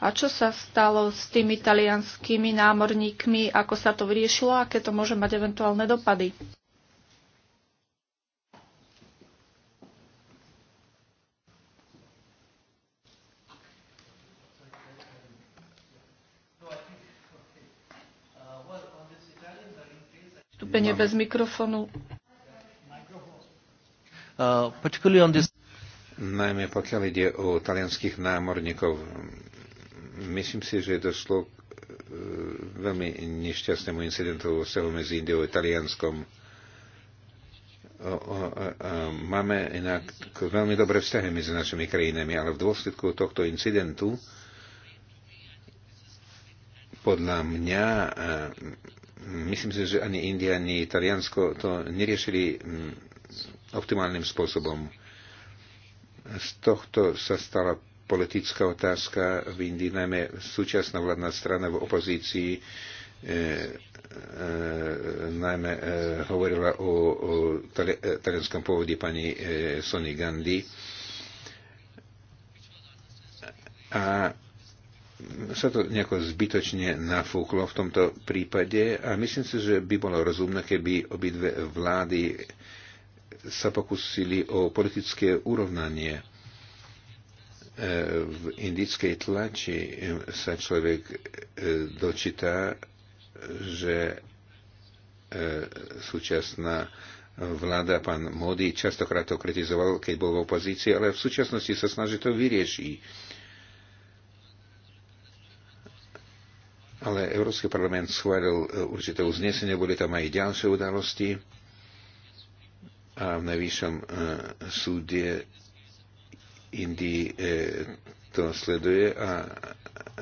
a čo sa stalo s tými talianskými námorníkmi, ako sa to vyriešilo, aké to môže mať eventuálne dopady. Vstúpenie bez mikrofonu. Uh, particularly on this najmä pokiaľ ide o talianských námorníkov. Myslím si, že došlo k e, veľmi nešťastnému incidentu vo vzťahu medzi Indiou a Talianskom. E, e, máme inak veľmi dobré vzťahy medzi našimi krajinami, ale v dôsledku tohto incidentu podľa mňa myslím si, že ani India, ani Taliansko to neriešili optimálnym spôsobom z tohto sa stala politická otázka v Indii, najmä súčasná vládna strana v opozícii E, e, najmä e, hovorila o, o tali, e, talianskom pôvode pani e, Sony Gandhi. A sa to nejako zbytočne nafúklo v tomto prípade a myslím si, že by bolo rozumné, keby obidve vlády sa pokusili o politické urovnanie. E, v indickej tlači sa človek e, dočíta, že e, súčasná vláda, pán Modi, častokrát to kritizoval, keď bol v opozícii, ale v súčasnosti sa snaží to vyriešiť. Ale Európsky parlament schválil určité uznesenie, boli tam aj ďalšie udalosti a v najvyššom e, súde Indii e, to sleduje a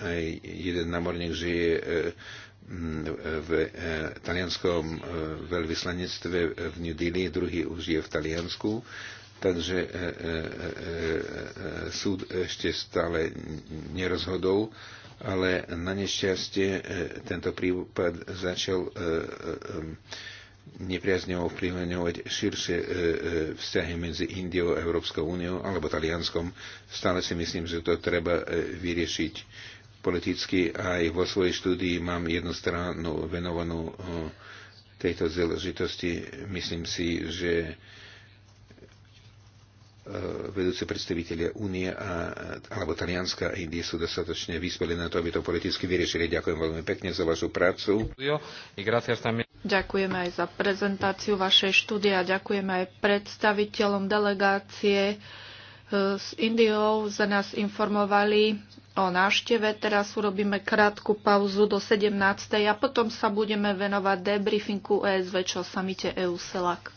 aj jeden námorník žije e, v talianskom veľvyslanectve v New Delhi, druhý už je v Taliansku. Takže súd ešte stále nerozhodol, ale na nešťastie tento prípad začal nepriazňou vplyvňovať širšie e, e, vzťahy medzi Indiou a Európskou úniou alebo Talianskom. Stále si myslím, že to treba e, vyriešiť politicky. Aj vo svojej štúdii mám jednu stranu venovanú e, tejto záležitosti. Myslím si, že e, E, vedúci predstavitelia Únie a, alebo Talianska a Indie sú dostatočne vyspeli na to, aby to politicky vyriešili. Ďakujem veľmi pekne za vašu prácu. Ďakujeme aj za prezentáciu vašej štúdie a ďakujeme aj predstaviteľom delegácie s e, Indiou. Za nás informovali o návšteve. Teraz urobíme krátku pauzu do 17. a potom sa budeme venovať debriefingu ESV, čo samite EU-SELAC.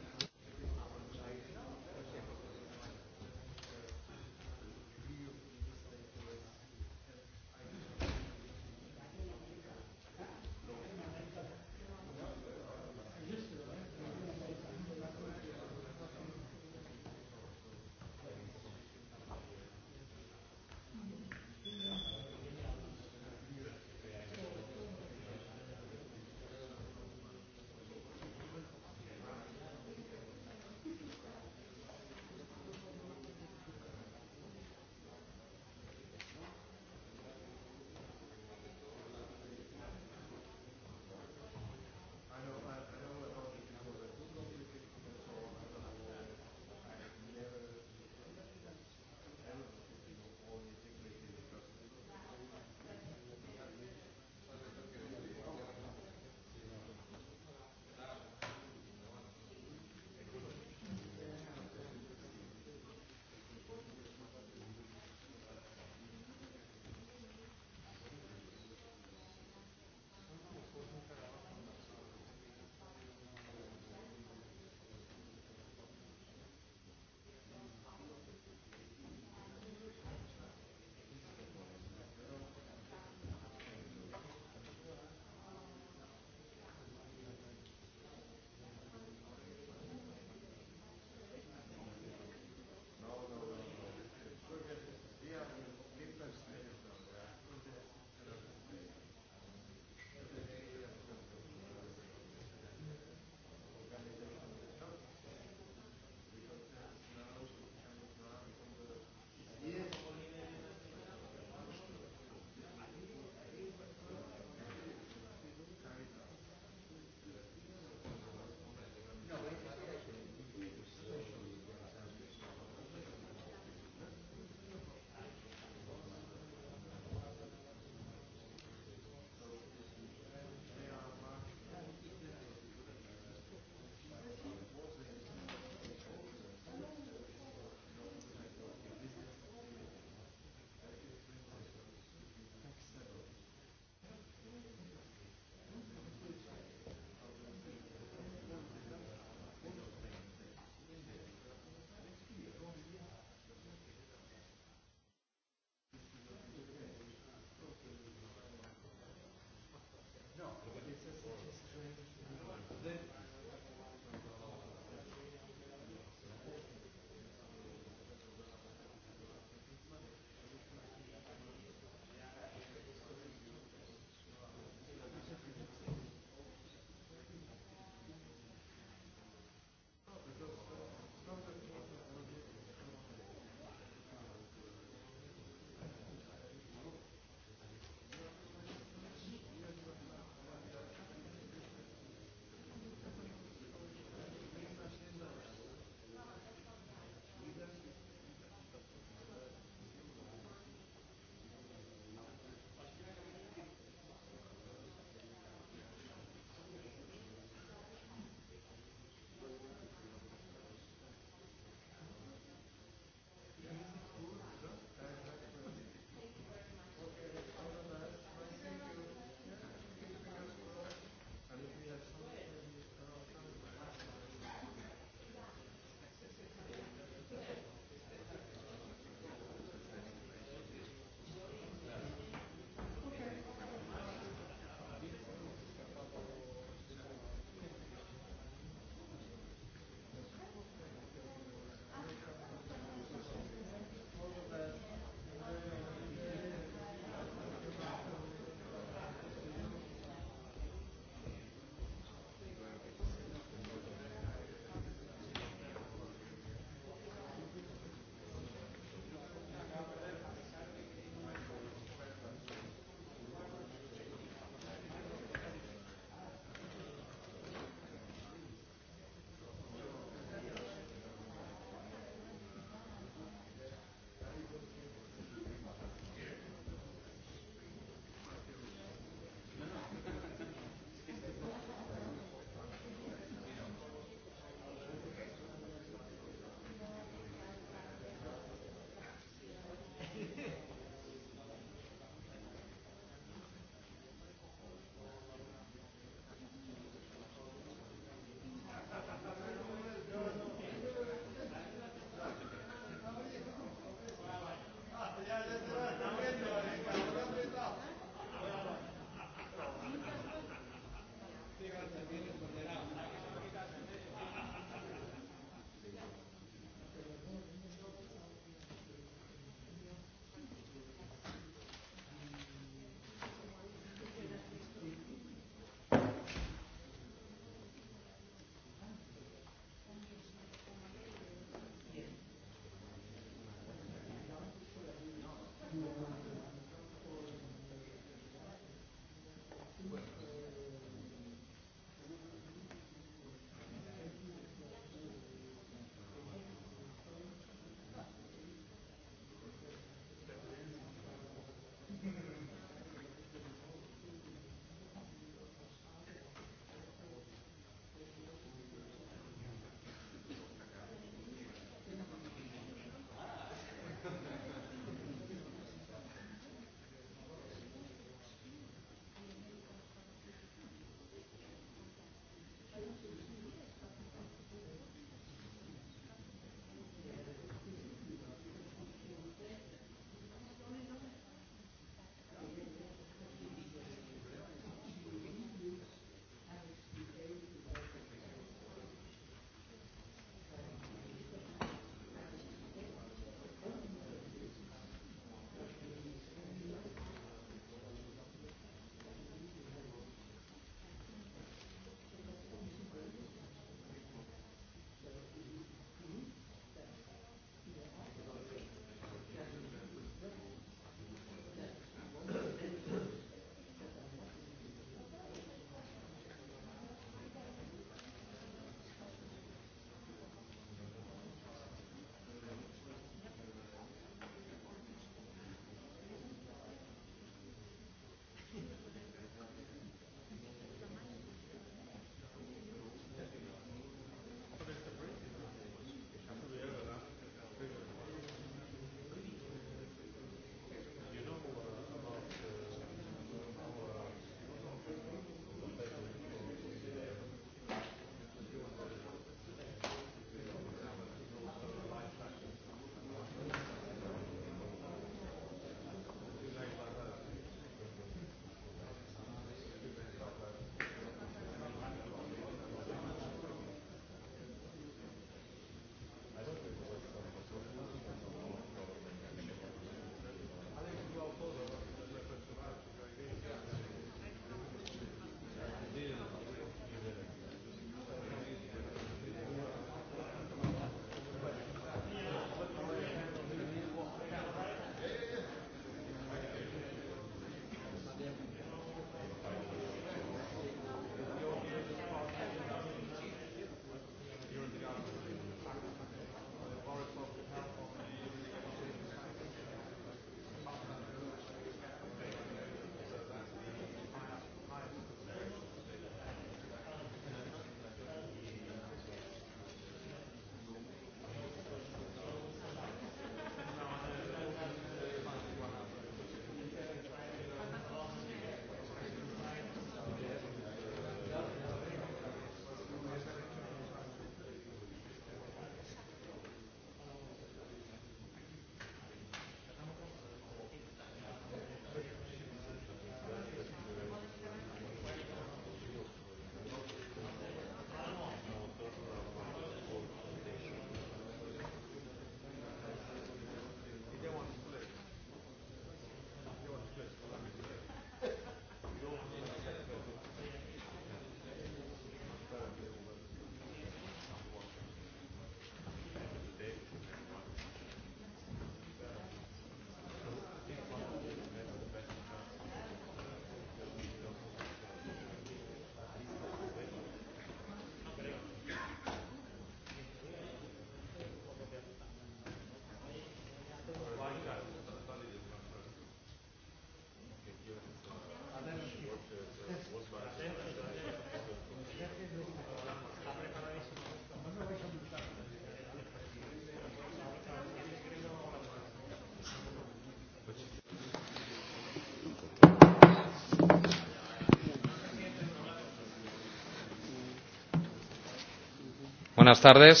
Buenas tardes.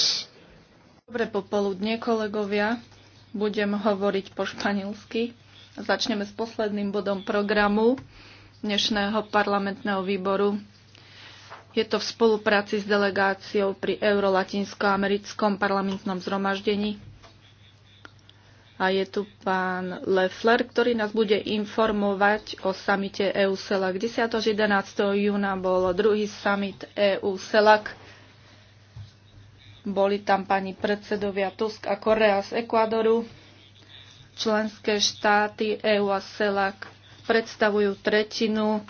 Dobre popoludne, kolegovia. Budem hovoriť po španielsky. Začneme s posledným bodom programu dnešného parlamentného výboru. Je to v spolupráci s delegáciou pri Eurolatinsko-americkom parlamentnom zhromaždení. A je tu pán Leffler, ktorý nás bude informovať o samite EU-SELAC. 10. až 11. júna bol druhý summit EU-SELAC boli tam pani predsedovia Tusk a Korea z Ekvadoru. Členské štáty EU a CELAC predstavujú tretinu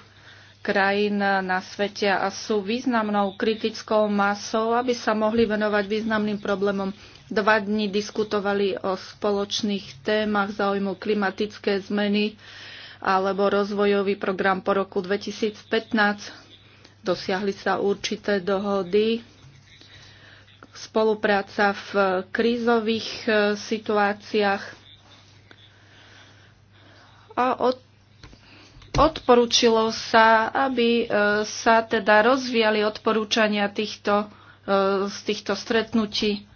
krajín na svete a sú významnou kritickou masou, aby sa mohli venovať významným problémom. Dva dní diskutovali o spoločných témach záujmu klimatické zmeny alebo rozvojový program po roku 2015. Dosiahli sa určité dohody spolupráca v krízových e, situáciách. A odporúčilo sa, aby e, sa teda rozvíjali odporúčania týchto, e, z týchto stretnutí.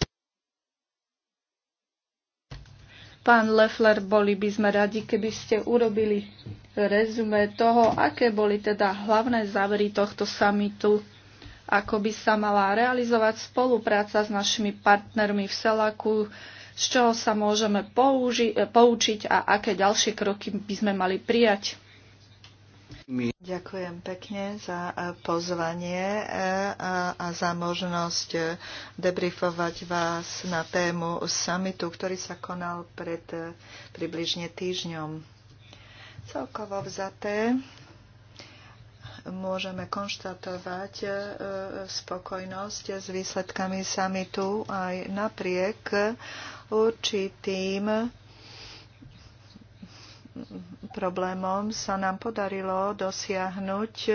Pán Leffler, boli by sme radi, keby ste urobili rezume toho, aké boli teda hlavné závery tohto samitu ako by sa mala realizovať spolupráca s našimi partnermi v Selaku, z čoho sa môžeme použi- e, poučiť a aké ďalšie kroky by sme mali prijať. Ďakujem pekne za e, pozvanie e, a za možnosť debriefovať vás na tému samitu, ktorý sa konal pred približne týždňom. Celkovo vzaté môžeme konštatovať e, e, spokojnosť s výsledkami samitu aj napriek určitým problémom sa nám podarilo dosiahnuť e,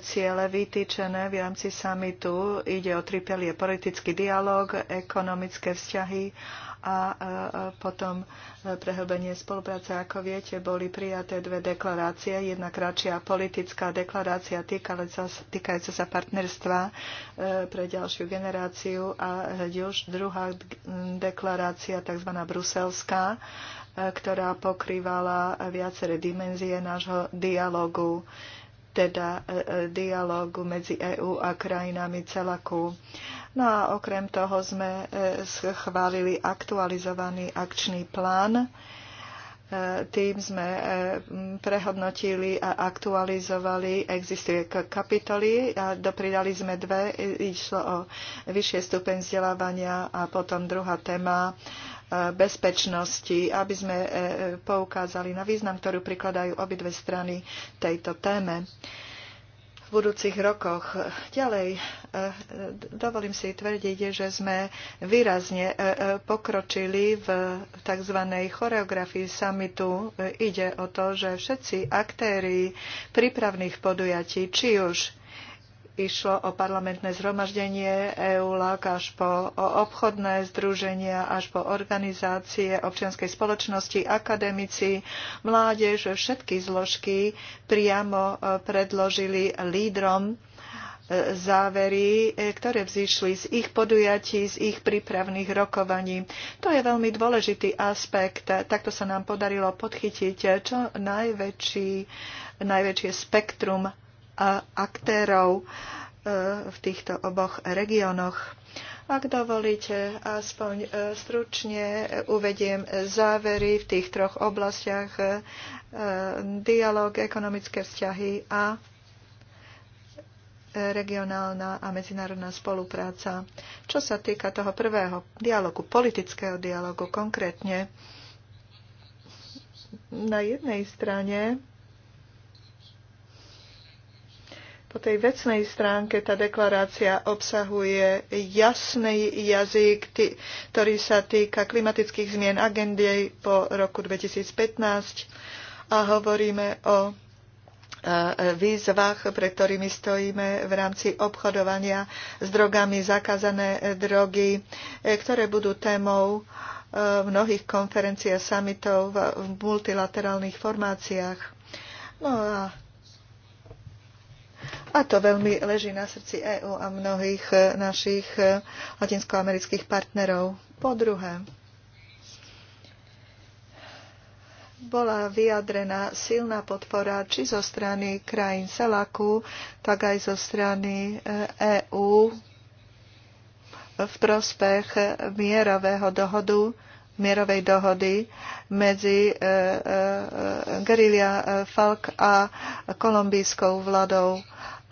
ciele vytýčené v rámci samitu. Ide o tri pelie politický dialog, ekonomické vzťahy a potom e, prehlbenie spolupráce. Ako viete, boli prijaté dve deklarácie. Jedna kratšia politická deklarácia týkajúca sa partnerstva e, pre ďalšiu generáciu a už druhá deklarácia, tzv. bruselská, e, ktorá pokrývala viaceré dimenzie nášho dialogu teda e, e, dialógu medzi EÚ a krajinami celakú. No a okrem toho sme e, schválili aktualizovaný akčný plán. Tým sme prehodnotili a aktualizovali existuje kapitoly a dopridali sme dve. Išlo o vyššie stupeň vzdelávania a potom druhá téma bezpečnosti, aby sme e, poukázali na význam, ktorú prikladajú obidve strany tejto téme v budúcich rokoch. Ďalej, e, dovolím si tvrdiť, že sme výrazne e, pokročili v tzv. choreografii samitu. Ide o to, že všetci aktéry prípravných podujatí, či už išlo o parlamentné zhromaždenie EULAK, až po o obchodné združenia, až po organizácie občianskej spoločnosti, akademici, mládež, všetky zložky priamo e, predložili lídrom e, závery, e, ktoré vzýšli z ich podujatí, z ich prípravných rokovaní. To je veľmi dôležitý aspekt. Takto sa nám podarilo podchytiť čo najväčší, najväčšie spektrum aktérov e, v týchto oboch regiónoch. Ak dovolíte, aspoň e, stručne uvediem závery v tých troch oblastiach e, dialog, ekonomické vzťahy a regionálna a medzinárodná spolupráca. Čo sa týka toho prvého dialogu, politického dialogu konkrétne, na jednej strane Po tej vecnej stránke tá deklarácia obsahuje jasný jazyk, tý, ktorý sa týka klimatických zmien agendy po roku 2015 a hovoríme o e, výzvach, pre ktorými stojíme v rámci obchodovania s drogami, zakázané drogy, e, ktoré budú témou e, mnohých konferencií a samitov v multilaterálnych formáciách. No a a to veľmi leží na srdci EÚ a mnohých e, našich e, latinskoamerických partnerov. Po druhé, bola vyjadrená silná podpora či zo strany krajín Selaku, tak aj zo strany EÚ e v prospech mierového dohodu, mierovej dohody medzi e, e, guerilla Falk a kolumbijskou vládou.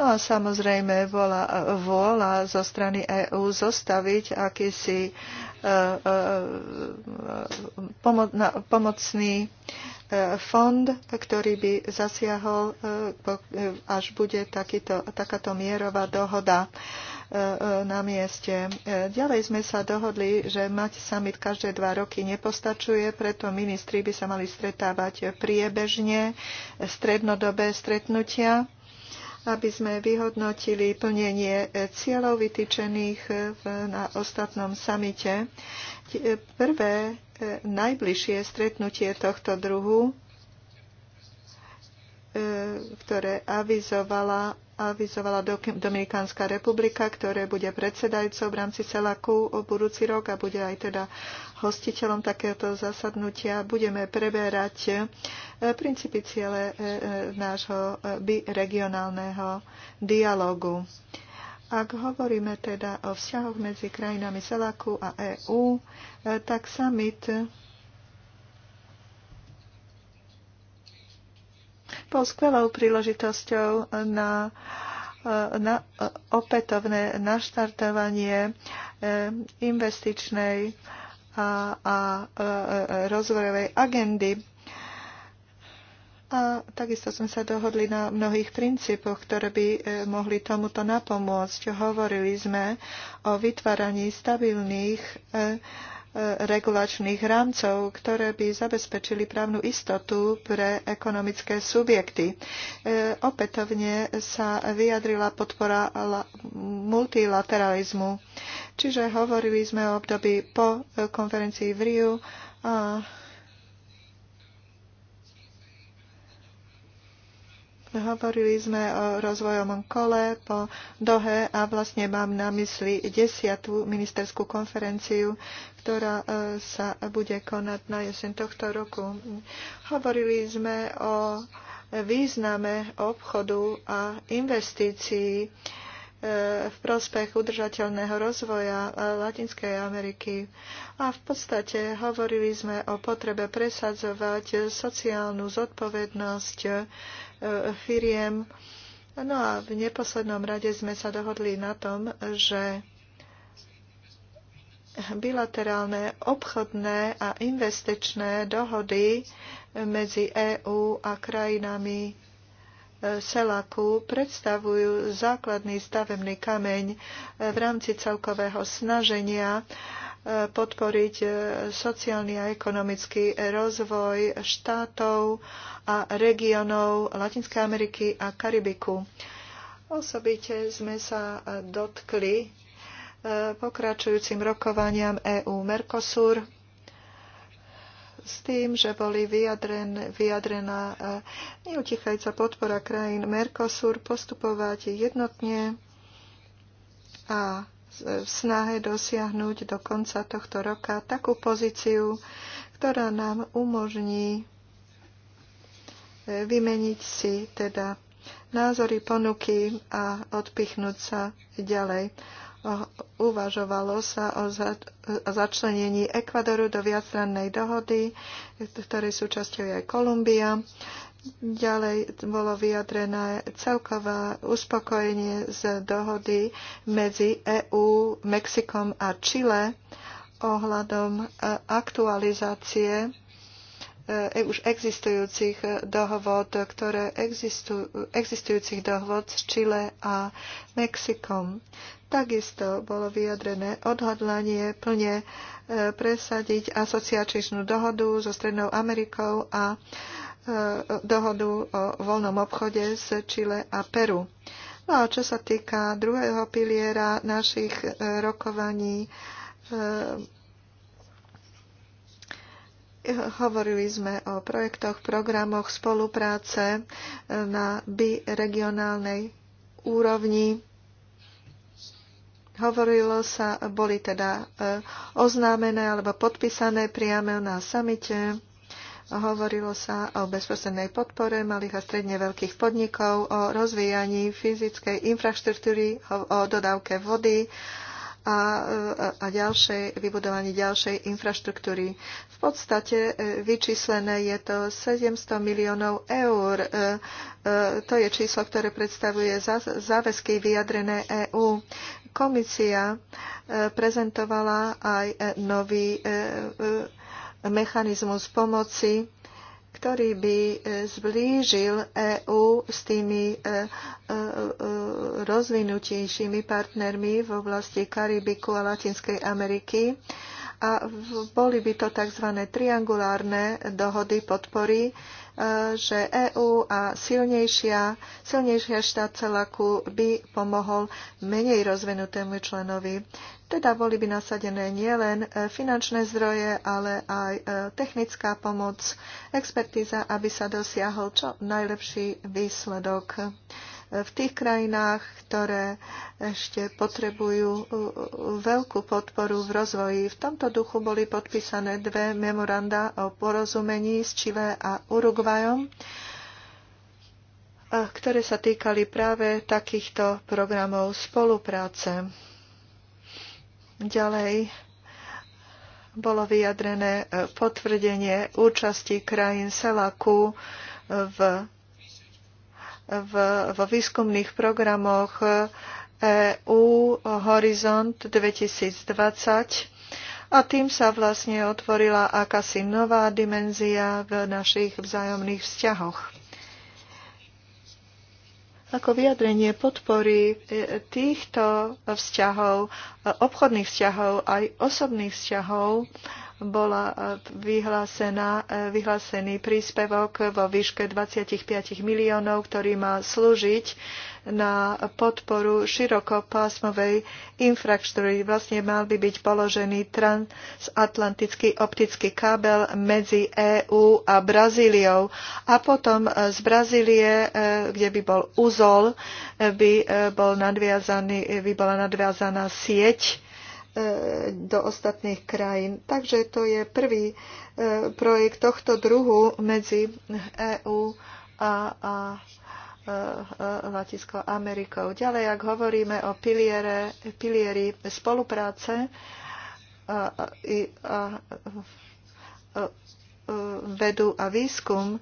No a samozrejme vola, vola zo strany EÚ zostaviť akýsi e, e, pomo- pomocný e, fond, ktorý by zasiahol, až bude takýto, takáto mierová dohoda na mieste. Ďalej sme sa dohodli, že mať summit každé dva roky nepostačuje, preto ministri by sa mali stretávať priebežne, strednodobé stretnutia aby sme vyhodnotili plnenie cieľov vytýčených na ostatnom samite. Prvé e, najbližšie stretnutie tohto druhu, e, ktoré avizovala avizovala Dominikánska republika, ktoré bude predsedajúcou v rámci o budúci rok a bude aj teda hostiteľom takéhoto zasadnutia. Budeme preberať e, princípy ciele e, e, nášho biregionálneho dialogu. Ak hovoríme teda o vzťahoch medzi krajinami Selaku a EÚ, tak summit bol skvelou príležitosťou na, na opätovné naštartovanie eh, investičnej a, a eh, rozvojovej agendy a takisto sme sa dohodli na mnohých princípoch, ktoré by eh, mohli tomuto napomôcť. Hovorili sme o vytváraní stabilných regulačných rámcov, ktoré by zabezpečili právnu istotu pre ekonomické subjekty. E, opätovne sa vyjadrila podpora multilateralizmu, čiže hovorili sme o období po konferencii v Riu a Hovorili sme o rozvojom kole po Dohe a vlastne mám na mysli desiatú ministerskú konferenciu, ktorá e, sa bude konať na jeseň tohto roku. Hovorili sme o význame obchodu a investícií e, v prospech udržateľného rozvoja e, Latinskej Ameriky. A v podstate hovorili sme o potrebe presadzovať sociálnu zodpovednosť E, firiem. No a v neposlednom rade sme sa dohodli na tom, že bilaterálne obchodné a investičné dohody medzi EÚ a krajinami e, Selaku predstavujú základný stavebný kameň e, v rámci celkového snaženia podporiť e, sociálny a ekonomický rozvoj štátov a regiónov Latinskej Ameriky a Karibiku. Osobite sme sa dotkli e, pokračujúcim rokovaniam EU-Mercosur s tým, že boli vyjadren, vyjadrená e, neutichajúca podpora krajín Mercosur postupovať jednotne a v snahe dosiahnuť do konca tohto roka takú pozíciu, ktorá nám umožní eh, vymeniť si teda názory, ponuky a odpichnúť sa ďalej. Uvažovalo sa o začlenení Ekvadoru do viacrannej dohody, eh, ktorej súčasťou je aj Kolumbia. Ďalej bolo vyjadrené celkové uspokojenie z dohody medzi EÚ, Mexikom a Čile ohľadom e, aktualizácie e, e, už existujúcich dohovod, ktoré existujú, existujúcich dohovod s Čile a Mexikom. Takisto bolo vyjadrené odhodlanie plne presadiť asociačnú dohodu so Strednou Amerikou a Eh, dohodu o voľnom obchode s Čile a Peru. No a čo sa týka druhého piliera našich eh, rokovaní, eh, hovorili sme o projektoch, programoch spolupráce na biregionálnej úrovni. Hovorilo sa, boli teda oznámené alebo podpísané priamo na samite Hovorilo sa o bezprostrednej podpore malých a stredne veľkých podnikov, o rozvíjaní fyzickej infraštruktúry, o, dodávke vody a, a ďalšej, vybudovaní ďalšej infraštruktúry. V podstate e, vyčíslené je to 700 miliónov eur. E, e, to je číslo, ktoré predstavuje záväzky vyjadrené EÚ komisia prezentovala aj nový mechanizmus pomoci, ktorý by e, zblížil EÚ s tými e, e, rozvinutejšími partnermi v oblasti Karibiku a Latinskej Ameriky a boli by to tzv. triangulárne dohody podpory, e, že EÚ a silnejšia, silnejšia štát celaku by pomohol menej rozvinutému členovi. Teda boli by nasadené nielen e, finančné zdroje, ale aj e, technická pomoc, expertíza, aby sa dosiahol čo najlepší výsledok v tých krajinách, ktoré ešte potrebujú uh, veľkú podporu v rozvoji. V tomto duchu boli podpísané dve memoranda o porozumení s Čile a Uruguayom, ktoré sa týkali práve takýchto programov spolupráce. Ďalej bolo vyjadrené uh, potvrdenie účasti krajín Selaku uh, v v, vo výskumných programoch EU e Horizont 2020 a tým sa vlastne otvorila akási nová dimenzia v našich vzájomných vzťahoch. Ako vyjadrenie podpory e, týchto vzťahov obchodných vzťahov aj osobných vzťahov bola e, vyhlásená, e, vyhlásený príspevok vo výške 25 miliónov, ktorý má slúžiť na podporu širokopásmovej infraštruktúry. Vlastne mal by byť položený transatlantický optický kábel medzi EÚ a Brazíliou a potom e, z Brazílie, kde by bol úzol, by, bol nadviazaný, by bola nadviazaná sieť späť e, do ostatných krajín. Takže to je prvý e, projekt tohto druhu medzi EÚ a, a e, Latinskou Amerikou. Ďalej, ak hovoríme o piliere, pilieri spolupráce, a, a, a, vedu a výskum,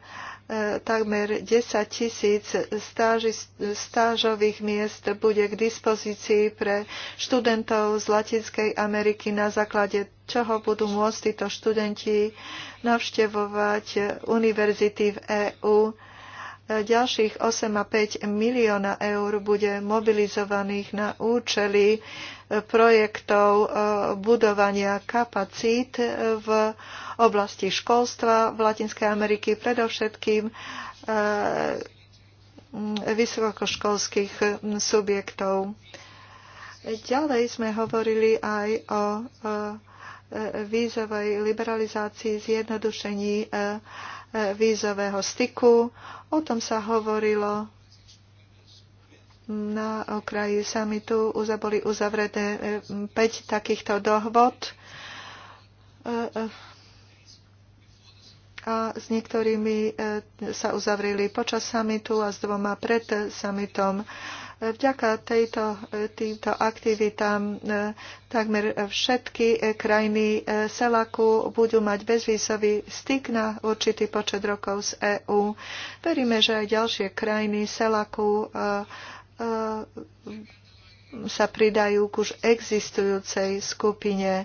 takmer 10 tisíc stážových miest bude k dispozícii pre študentov z Latinskej Ameriky na základe čoho budú môcť títo študenti navštevovať univerzity v EÚ. Ďalších 8,5 milióna eur bude mobilizovaných na účely projektov e, budovania kapacít e, v oblasti školstva v Latinskej Ameriky, predovšetkým e, vysokoškolských subjektov. Ďalej sme hovorili aj o vízovej liberalizácii, zjednodušení vízového styku. O tom sa hovorilo na okraji samitu boli uzavreté 5 eh, takýchto dohvod eh, eh, a s niektorými sa uzavreli počas samitu a s dvoma pred samitom. Vďaka tejto, týmto aktivitám takmer všetky krajiny Selaku budú mať bezvýsový styk na určitý počet rokov z EÚ. Veríme, že aj ďalšie krajiny Selaku E, sa pridajú k už existujúcej skupine e,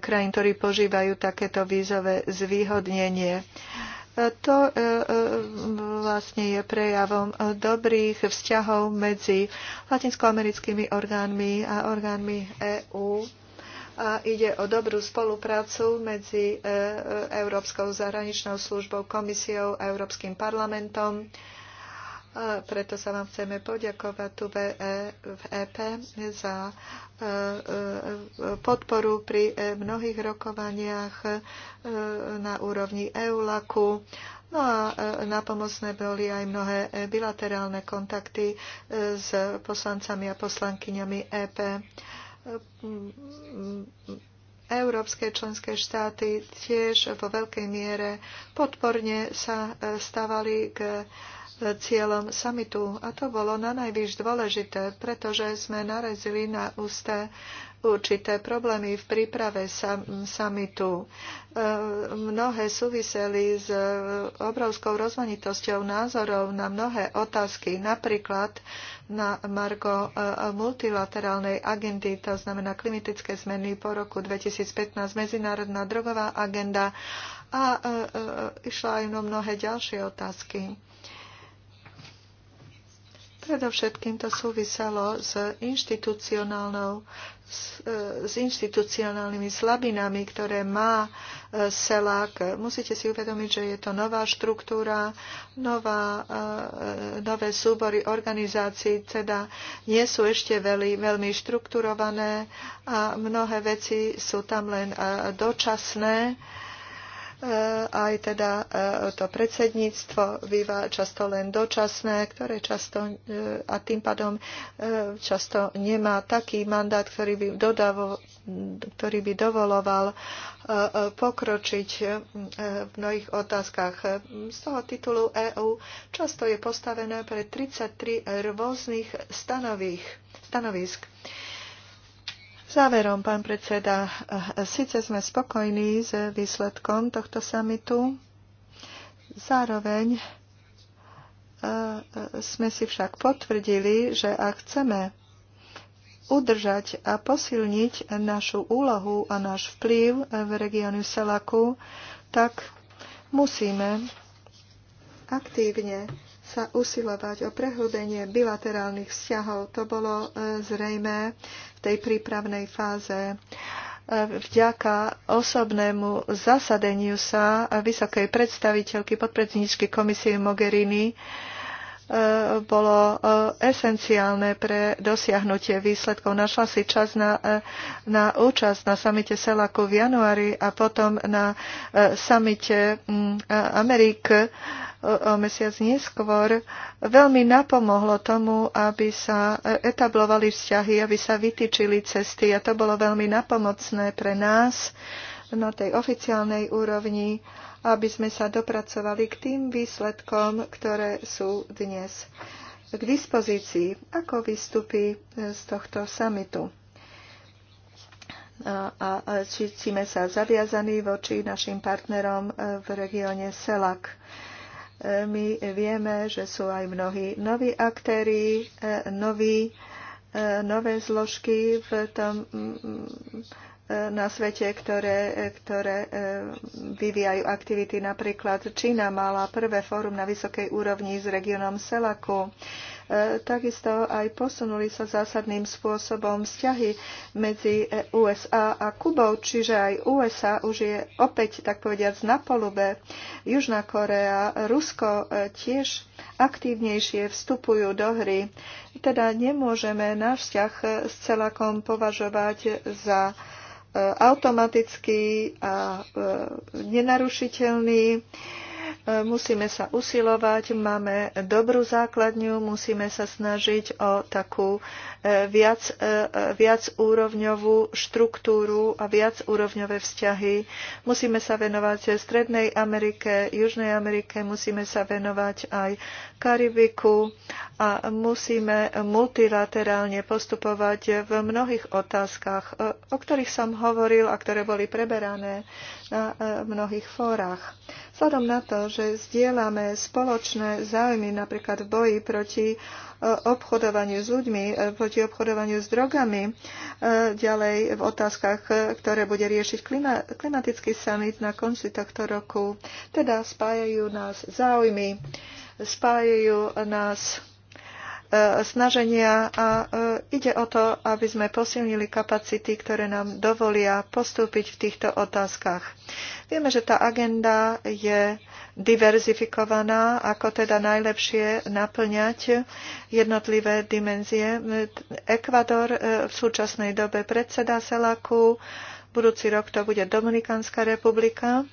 krajín, ktorí požívajú takéto vízové zvýhodnenie. E, to vlastne je prejavom dobrých vzťahov medzi latinskoamerickými orgánmi a orgánmi EÚ a ide o dobrú spoluprácu medzi Európskou zahraničnou službou, komisiou a Európskym parlamentom. A preto sa vám chceme poďakovať tu v EP e za e, e, podporu pri mnohých rokovaniach na úrovni EULAKu. No a napomocné boli aj mnohé bilaterálne kontakty s poslancami a poslankyňami EP európske členské štáty tiež vo veľkej miere podporne sa stávali k cieľom samitu. A to bolo na najvyš dôležité, pretože sme narazili na ústa určité problémy v príprave samitu. E, mnohé súviseli s e, obrovskou rozmanitosťou názorov na mnohé otázky, napríklad na margo e, multilaterálnej agendy, to znamená klimatické zmeny po roku 2015, medzinárodná drogová agenda a išla aj mnohé ďalšie otázky. Predovšetkým to súviselo s, inštitucionálnou, s, e, s inštitucionálnymi slabinami, ktoré má e, SELAK. Musíte si uvedomiť, že je to nová štruktúra, nová, e, nové súbory organizácií, teda nie sú ešte veľmi, veľmi štrukturované a mnohé veci sú tam len dočasné Eh, aj teda eh, to predsedníctvo býva často len dočasné, ktoré často eh, a tým pádom často nemá taký mandát, ktorý by, dodavo, ktorý by dovoloval pokročiť v mnohých otázkach. Z toho titulu EÚ často je postavené pre 33 rôznych stanových, stanovisk. stanovisk Záverom, pán predseda, síce sme spokojní s výsledkom tohto samitu, zároveň e, e, sme si však potvrdili, že ak chceme udržať a posilniť našu úlohu a náš vplyv v regióne Selaku, tak musíme aktívne sa usilovať o prehlbenie bilaterálnych vzťahov. To bolo e, zrejme v tej prípravnej fáze e, vďaka osobnému zasadeniu sa vysokej predstaviteľky podpredsedničky komisie Mogherini E, bolo e, esenciálne pre dosiahnutie výsledkov. Našla si čas na, e, na účasť na samite Selaku v januári a potom na samite Amerik o mesiac neskôr, veľmi napomohlo tomu, aby sa etablovali vzťahy, aby sa vytýčili cesty a to bolo veľmi napomocné pre nás na tej oficiálnej úrovni aby sme sa dopracovali k tým výsledkom, ktoré sú dnes k dispozícii, ako vystupí e, z tohto samitu. No, a cítime sa zaviazaní voči našim partnerom e, v regióne SELAK. E, my vieme, že sú aj mnohí noví aktéry, noví, nové zložky v tom na svete, ktoré, ktoré e, vyvíjajú aktivity. Napríklad Čína mala prvé fórum na vysokej úrovni s regionom Selaku. E, takisto aj posunuli sa zásadným spôsobom vzťahy medzi e, USA a Kubou, čiže aj USA už je opäť, tak povediať, na polube. Južná Korea, Rusko tiež aktívnejšie vstupujú do hry. Teda nemôžeme náš vzťah s celakom považovať za automatický a e, nenarušiteľný musíme sa usilovať, máme dobrú základňu, musíme sa snažiť o takú e, viac, e, e, viac úrovňovú štruktúru a viac úrovňové vzťahy. Musíme sa venovať Strednej Amerike, Južnej Amerike, musíme sa venovať aj Karibiku a musíme multilaterálne postupovať v mnohých otázkach, o ktorých som hovoril a ktoré boli preberané na mnohých fórach. Vzhľadom na to, že zdieľame spoločné záujmy napríklad v boji proti e, obchodovaniu s ľuďmi, e, proti obchodovaniu s drogami, e, ďalej v otázkach, ktoré bude riešiť klimatický summit na konci tohto roku. Teda spájajú nás záujmy, spájajú nás E, snaženia a e, ide o to, aby sme posilnili kapacity, ktoré nám dovolia postúpiť v týchto otázkach. Vieme, že tá agenda je diverzifikovaná, ako teda najlepšie naplňať jednotlivé dimenzie. Ekvador e, v súčasnej dobe predseda Selaku, budúci rok to bude Dominikánska republika.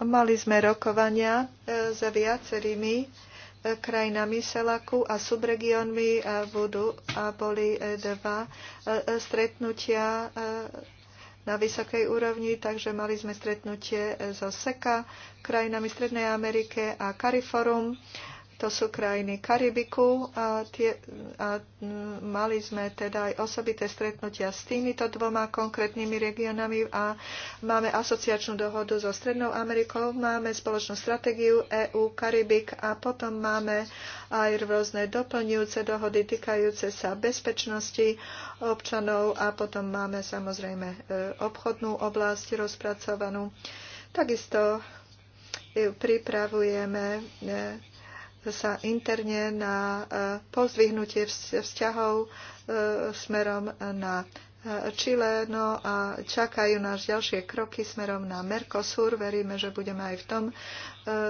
Mali sme rokovania s viacerými krajinami Selaku a subregiónmi budú e, a boli e, dva e, stretnutia na vysokej úrovni, takže mali sme stretnutie zo SEKA, krajinami Strednej Amerike a Cariforum to sú krajiny Karibiku a, tie, a mali sme teda aj osobité stretnutia s týmito dvoma konkrétnymi regionami a máme asociačnú dohodu so Strednou Amerikou, máme spoločnú stratégiu EU Karibik a potom máme aj rôzne doplňujúce dohody týkajúce sa bezpečnosti občanov a potom máme samozrejme e, obchodnú oblasť rozpracovanú. Takisto e, pripravujeme e, sa interne na e, pozdvihnutie vzťahov e, smerom na Chile, e, no a čakajú nás ďalšie kroky smerom na Mercosur. Veríme, že budeme aj v tom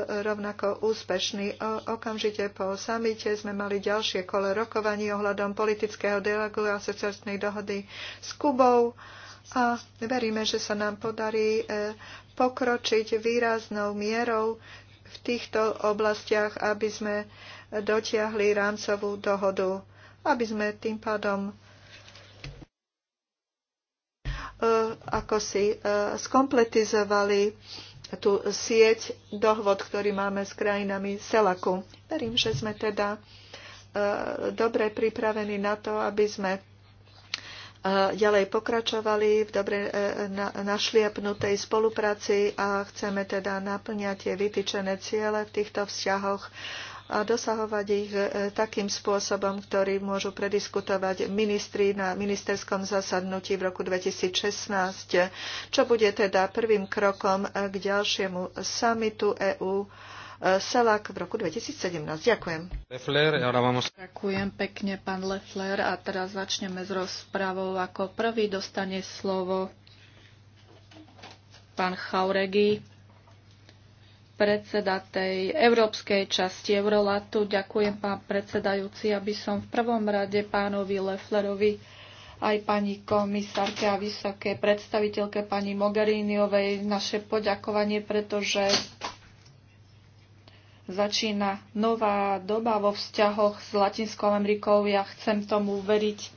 rovnako úspešní. Okamžite po samite sme mali ďalšie kole rokovaní ohľadom politického dialogu a asociačnej dohody s Kubou a veríme, že sa nám podarí pokročiť výraznou mierou v týchto oblastiach, aby sme dotiahli rámcovú dohodu, aby sme tým pádom e, ako si e, skompletizovali tú sieť dohod, ktorý máme s krajinami Selaku. Verím, že sme teda e, dobre pripravení na to, aby sme ďalej pokračovali v dobre e, našliapnutej spolupráci a chceme teda naplňať tie vytýčené ciele v týchto vzťahoch a dosahovať ich e, takým spôsobom, ktorý môžu prediskutovať ministri na ministerskom zasadnutí v roku 2016, čo bude teda prvým krokom e, k ďalšiemu samitu EÚ Eh, Selak v roku 2017. Ďakujem. Lefler, vamos... Ďakujem pekne, pán Lefler. A teraz začneme s rozprávou. Ako prvý dostane slovo pán Chauregi, predseda tej európskej časti Eurolatu. Ďakujem, pán predsedajúci, aby som v prvom rade pánovi Leflerovi aj pani komisárke a vysoké predstaviteľke pani Mogheriniovej naše poďakovanie, pretože začína nová doba vo vzťahoch s Latinskou Amerikou. Ja chcem tomu veriť.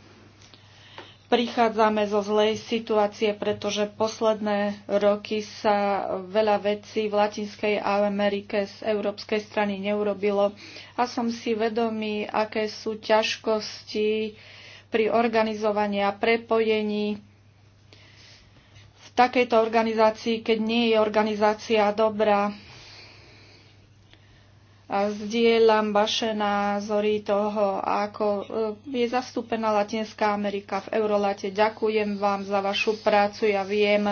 Prichádzame zo zlej situácie, pretože posledné roky sa veľa vecí v Latinskej Amerike z európskej strany neurobilo a som si vedomý, aké sú ťažkosti pri organizovaní a prepojení v takejto organizácii, keď nie je organizácia dobrá Zdieľam vaše názory toho, ako e, je zastúpená Latinská Amerika v Eurolate. Ďakujem vám za vašu prácu. Ja viem,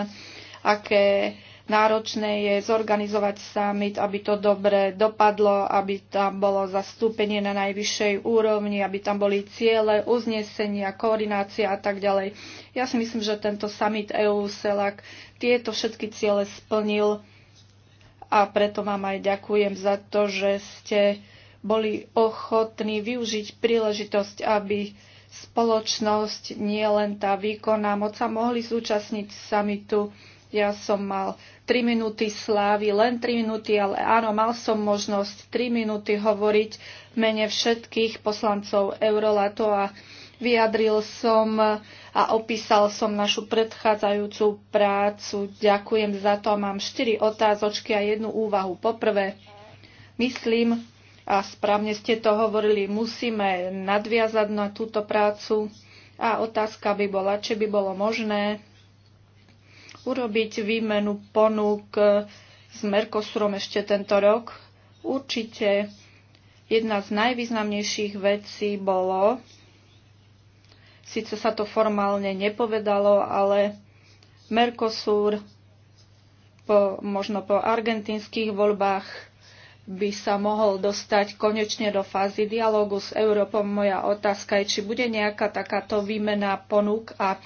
aké náročné je zorganizovať summit, aby to dobre dopadlo, aby tam bolo zastúpenie na najvyššej úrovni, aby tam boli ciele, uznesenia, koordinácia a tak ďalej. Ja si myslím, že tento summit EU-SELAC tieto všetky ciele splnil a preto vám aj ďakujem za to, že ste boli ochotní využiť príležitosť, aby spoločnosť, nie len tá výkonná moc, sa mohli zúčastniť samitu. Ja som mal 3 minúty slávy, len 3 minúty, ale áno, mal som možnosť 3 minúty hovoriť mene všetkých poslancov Eurolato. a Vyjadril som a opísal som našu predchádzajúcu prácu. Ďakujem za to mám štyri otázočky a jednu úvahu. Poprvé, myslím, a správne ste to hovorili, musíme nadviazať na túto prácu a otázka by bola, či by bolo možné urobiť výmenu ponúk s Mercosurom ešte tento rok. Určite jedna z najvýznamnejších vecí bolo, Sice sa to formálne nepovedalo, ale Mercosur po, možno po argentínskych voľbách by sa mohol dostať konečne do fázy dialógu s Európou. Moja otázka je, či bude nejaká takáto výmena ponúk a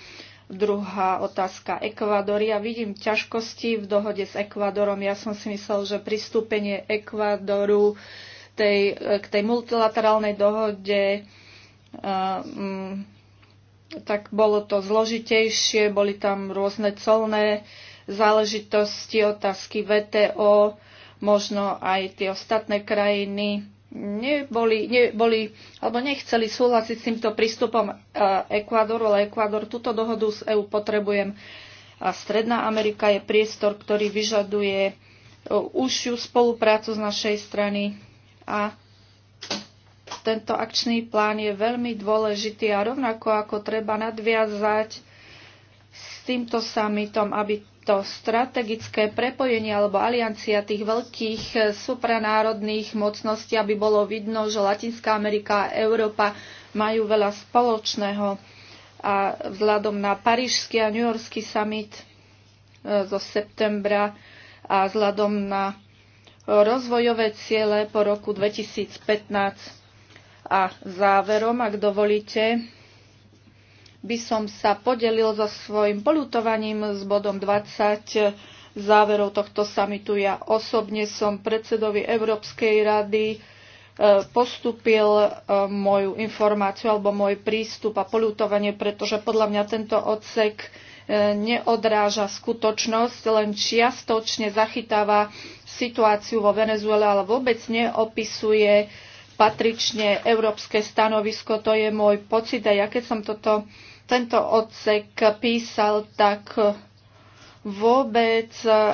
druhá otázka Ekvador. Ja vidím ťažkosti v dohode s Ekvadorom. Ja som si myslel, že pristúpenie Ekvadoru tej, k tej multilaterálnej dohode uh, tak bolo to zložitejšie, boli tam rôzne colné záležitosti, otázky VTO, možno aj tie ostatné krajiny neboli, neboli alebo nechceli súhlasiť s týmto prístupom e, Ekvádoru, ale Ekvádor túto dohodu s EÚ potrebujem. A Stredná Amerika je priestor, ktorý vyžaduje e, užšiu spoluprácu z našej strany a tento akčný plán je veľmi dôležitý a rovnako ako treba nadviazať s týmto summitom, aby to strategické prepojenie alebo aliancia tých veľkých supranárodných mocností, aby bolo vidno, že Latinská Amerika a Európa majú veľa spoločného. A vzhľadom na parížský a newyorský summit e, zo septembra a vzhľadom na rozvojové ciele po roku 2015 a záverom, ak dovolíte, by som sa podelil so svojim polutovaním s bodom 20 záverov tohto samitu. Ja osobne som predsedovi Európskej rady e, postupil e, moju informáciu alebo môj prístup a polutovanie, pretože podľa mňa tento odsek e, neodráža skutočnosť, len čiastočne zachytáva situáciu vo Venezuele, ale vôbec neopisuje patrične európske stanovisko. To je môj pocit a ja keď som toto, tento odsek písal, tak vôbec,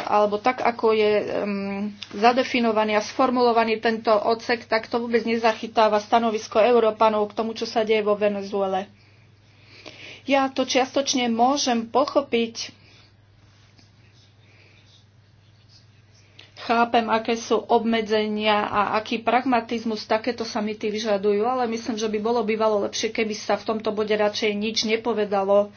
alebo tak, ako je um, zadefinovaný a sformulovaný tento odsek, tak to vôbec nezachytáva stanovisko Európanov k tomu, čo sa deje vo Venezuele. Ja to čiastočne môžem pochopiť, Chápem, aké sú obmedzenia a aký pragmatizmus takéto sa mi tí vyžadujú, ale myslím, že by bolo bývalo lepšie, keby sa v tomto bode radšej nič nepovedalo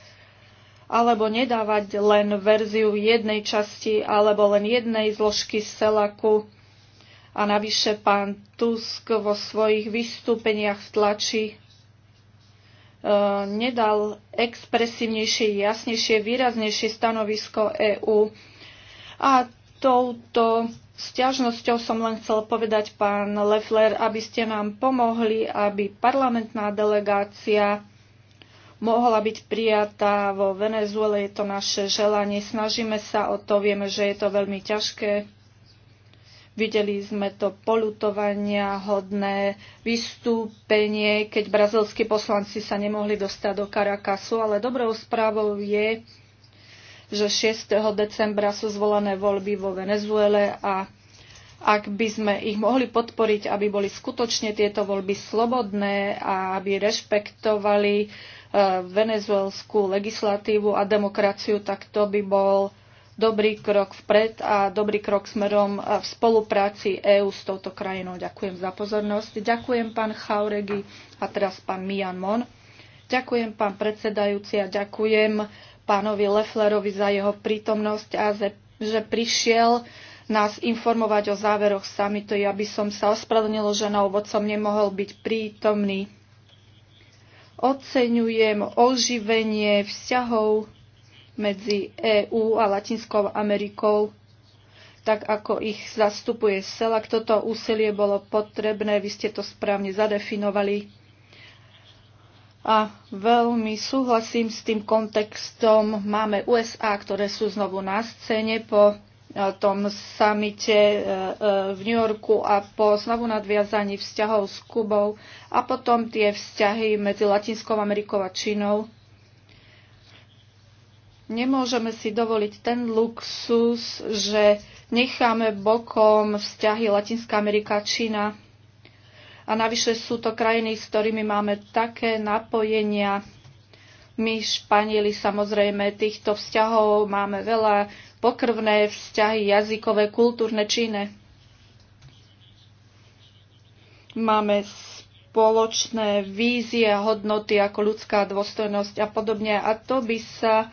alebo nedávať len verziu jednej časti alebo len jednej zložky z celaku. A navyše pán Tusk vo svojich vystúpeniach v tlači e, nedal expresívnejšie, jasnejšie, výraznejšie stanovisko EÚ. A touto sťažnosťou som len chcel povedať, pán Leffler, aby ste nám pomohli, aby parlamentná delegácia mohla byť prijatá vo Venezuele. Je to naše želanie. Snažíme sa o to. Vieme, že je to veľmi ťažké. Videli sme to polutovania hodné vystúpenie, keď brazilskí poslanci sa nemohli dostať do Karakasu, ale dobrou správou je, že 6. decembra sú zvolené voľby vo Venezuele a ak by sme ich mohli podporiť, aby boli skutočne tieto voľby slobodné a aby rešpektovali e, venezuelskú legislatívu a demokraciu, tak to by bol dobrý krok vpred a dobrý krok smerom e, v spolupráci EÚ s touto krajinou. Ďakujem za pozornosť. Ďakujem pán Chauregi a teraz pán Mian Mon. Ďakujem pán predsedajúci a ďakujem pánovi Lefflerovi za jeho prítomnosť a že prišiel nás informovať o záveroch samitu. Ja by som sa ospravedlnilo, že na ovocom nemohol byť prítomný. Oceňujem oživenie vzťahov medzi EÚ a Latinskou Amerikou, tak ako ich zastupuje SELAK. Toto úsilie bolo potrebné, vy ste to správne zadefinovali. A veľmi súhlasím s tým kontextom. Máme USA, ktoré sú znovu na scéne po e, tom samite e, e, v New Yorku a po znovu nadviazaní vzťahov s Kubou a potom tie vzťahy medzi Latinskou Amerikou a Čínou. Nemôžeme si dovoliť ten luxus, že necháme bokom vzťahy Latinská Amerika a Čína a navyše sú to krajiny, s ktorými máme také napojenia. My, Španieli, samozrejme, týchto vzťahov máme veľa. Pokrvné vzťahy, jazykové, kultúrne, číne. Máme spoločné vízie, hodnoty ako ľudská dôstojnosť a podobne. A to by sa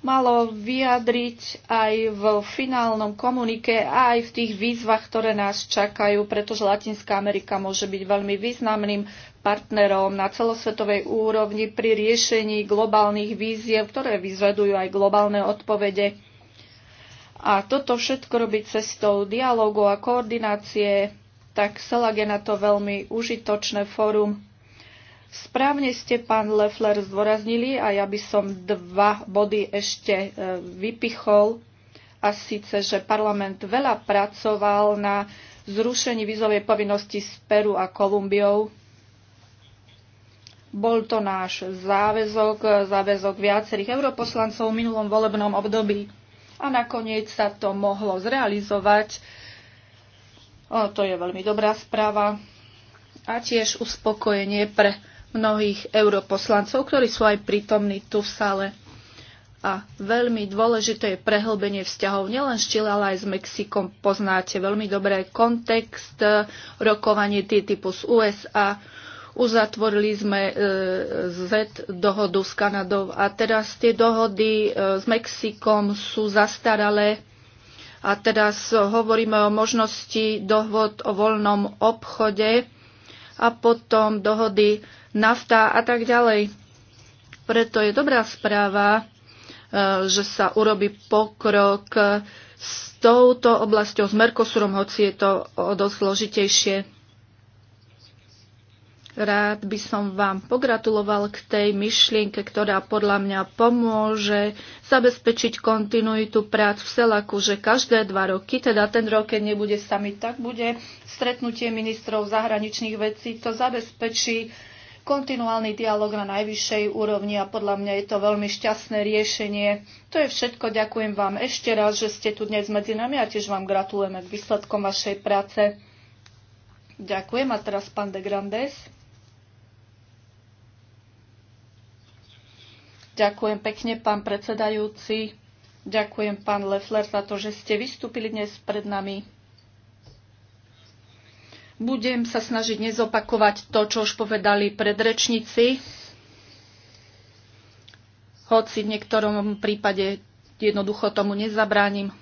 malo vyjadriť aj v finálnom komunike a aj v tých výzvach, ktoré nás čakajú, pretože Latinská Amerika môže byť veľmi významným partnerom na celosvetovej úrovni pri riešení globálnych víziev, ktoré vyzvedujú aj globálne odpovede. A toto všetko robí cestou dialogu a koordinácie, tak Selag je na to veľmi užitočné fórum Správne ste, pán Leffler, zdôraznili a ja by som dva body ešte e, vypichol a síce, že parlament veľa pracoval na zrušení vízovej povinnosti s Peru a Kolumbiou. Bol to náš záväzok, záväzok viacerých europoslancov v minulom volebnom období a nakoniec sa to mohlo zrealizovať. O, to je veľmi dobrá správa a tiež uspokojenie pre mnohých europoslancov, ktorí sú aj prítomní tu v sále. A veľmi dôležité je prehlbenie vzťahov nielen s Čile, ale aj s Mexikom. Poznáte veľmi dobré kontext, e, rokovanie TTIP z USA, uzatvorili sme e, Z dohodu s Kanadou a teraz tie dohody e, s Mexikom sú zastaralé a teraz hovoríme o možnosti dohod o voľnom obchode a potom dohody nafta a tak ďalej. Preto je dobrá správa, e, že sa urobí pokrok s touto oblasťou, s Mercosurom, hoci je to o dosť zložitejšie. Rád by som vám pogratuloval k tej myšlienke, ktorá podľa mňa pomôže zabezpečiť kontinuitu prác v Selaku, že každé dva roky, teda ten rok, keď nebude sami, tak bude stretnutie ministrov zahraničných vecí. To zabezpečí kontinuálny dialog na najvyššej úrovni a podľa mňa je to veľmi šťastné riešenie. To je všetko. Ďakujem vám ešte raz, že ste tu dnes medzi nami a tiež vám gratulujeme k výsledkom vašej práce. Ďakujem a teraz pán de Grandes. Ďakujem pekne, pán predsedajúci. Ďakujem, pán Lefler za to, že ste vystúpili dnes pred nami. Budem sa snažiť nezopakovať to, čo už povedali predrečníci, hoci v niektorom prípade jednoducho tomu nezabránim.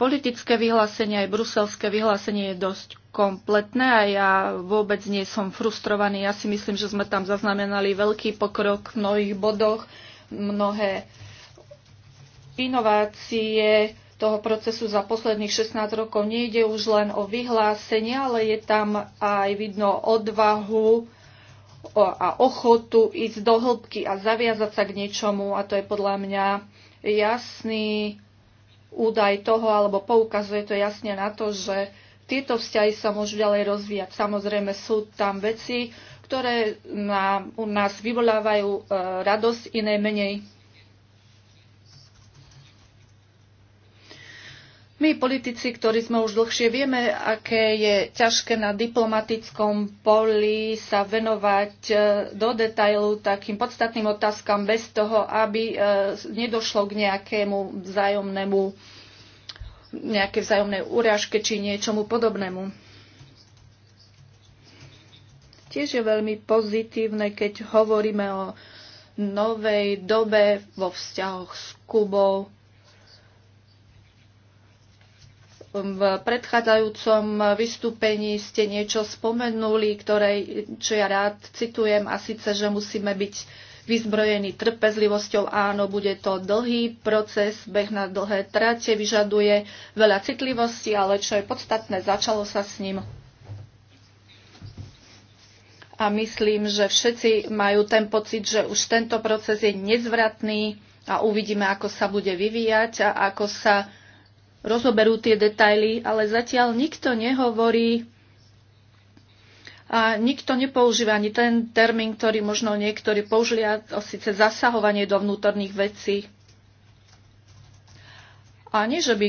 Politické vyhlásenie, aj bruselské vyhlásenie je dosť kompletné a ja vôbec nie som frustrovaný. Ja si myslím, že sme tam zaznamenali veľký pokrok v mnohých bodoch, mnohé inovácie toho procesu za posledných 16 rokov. Nejde už len o vyhlásenie, ale je tam aj vidno odvahu a ochotu ísť do hĺbky a zaviazať sa k niečomu a to je podľa mňa jasný údaj toho, alebo poukazuje to jasne na to, že tieto vzťahy sa môžu ďalej rozvíjať. Samozrejme sú tam veci, ktoré na, u nás vyvolávajú e, radosť, iné menej. My, politici, ktorí sme už dlhšie, vieme, aké je ťažké na diplomatickom poli sa venovať e, do detailu takým podstatným otázkam bez toho, aby e, nedošlo k nejakému vzájomnému nejaké vzájomnej úražke či niečomu podobnému. Tiež je veľmi pozitívne, keď hovoríme o novej dobe vo vzťahoch s Kubou, v predchádzajúcom vystúpení ste niečo spomenuli, ktoré, čo ja rád citujem, a síce, že musíme byť vyzbrojení trpezlivosťou. Áno, bude to dlhý proces, beh na dlhé trate, vyžaduje veľa citlivosti, ale čo je podstatné, začalo sa s ním. A myslím, že všetci majú ten pocit, že už tento proces je nezvratný a uvidíme, ako sa bude vyvíjať a ako sa rozoberú tie detaily, ale zatiaľ nikto nehovorí a nikto nepoužíva ani ten termín, ktorý možno niektorí použili, a síce zasahovanie do vnútorných vecí. A nie, že by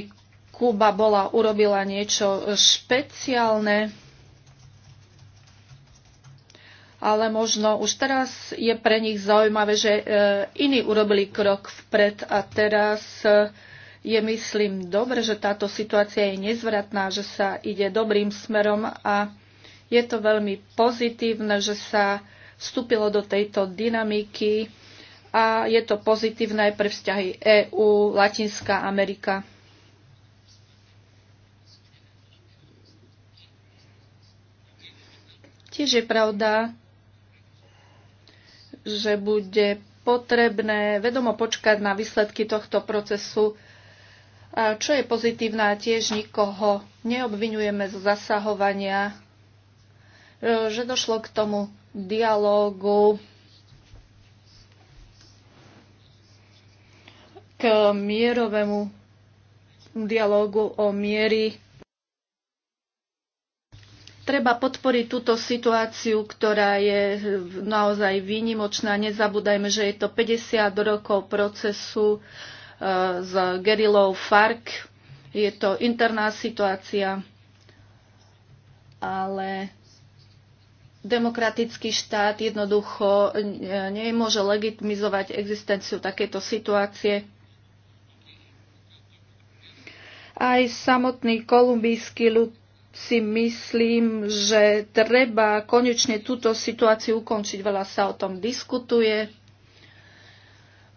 Kuba bola urobila niečo špeciálne, ale možno už teraz je pre nich zaujímavé, že e, iní urobili krok vpred a teraz e, je myslím dobre, že táto situácia je nezvratná, že sa ide dobrým smerom a je to veľmi pozitívne, že sa vstúpilo do tejto dynamiky a je to pozitívne aj pre vzťahy EÚ, Latinská Amerika. Tiež je pravda, že bude potrebné vedomo počkať na výsledky tohto procesu čo je pozitívne a tiež nikoho neobvinujeme z zasahovania, e, že došlo k tomu dialógu, k mierovému dialógu o miery. Treba podporiť túto situáciu, ktorá je naozaj výnimočná. Nezabúdajme, že je to 50 rokov procesu s gerilou FARC. Je to interná situácia, ale demokratický štát jednoducho nemôže legitimizovať existenciu takéto situácie. Aj samotný kolumbijský ľud si myslím, že treba konečne túto situáciu ukončiť. Veľa sa o tom diskutuje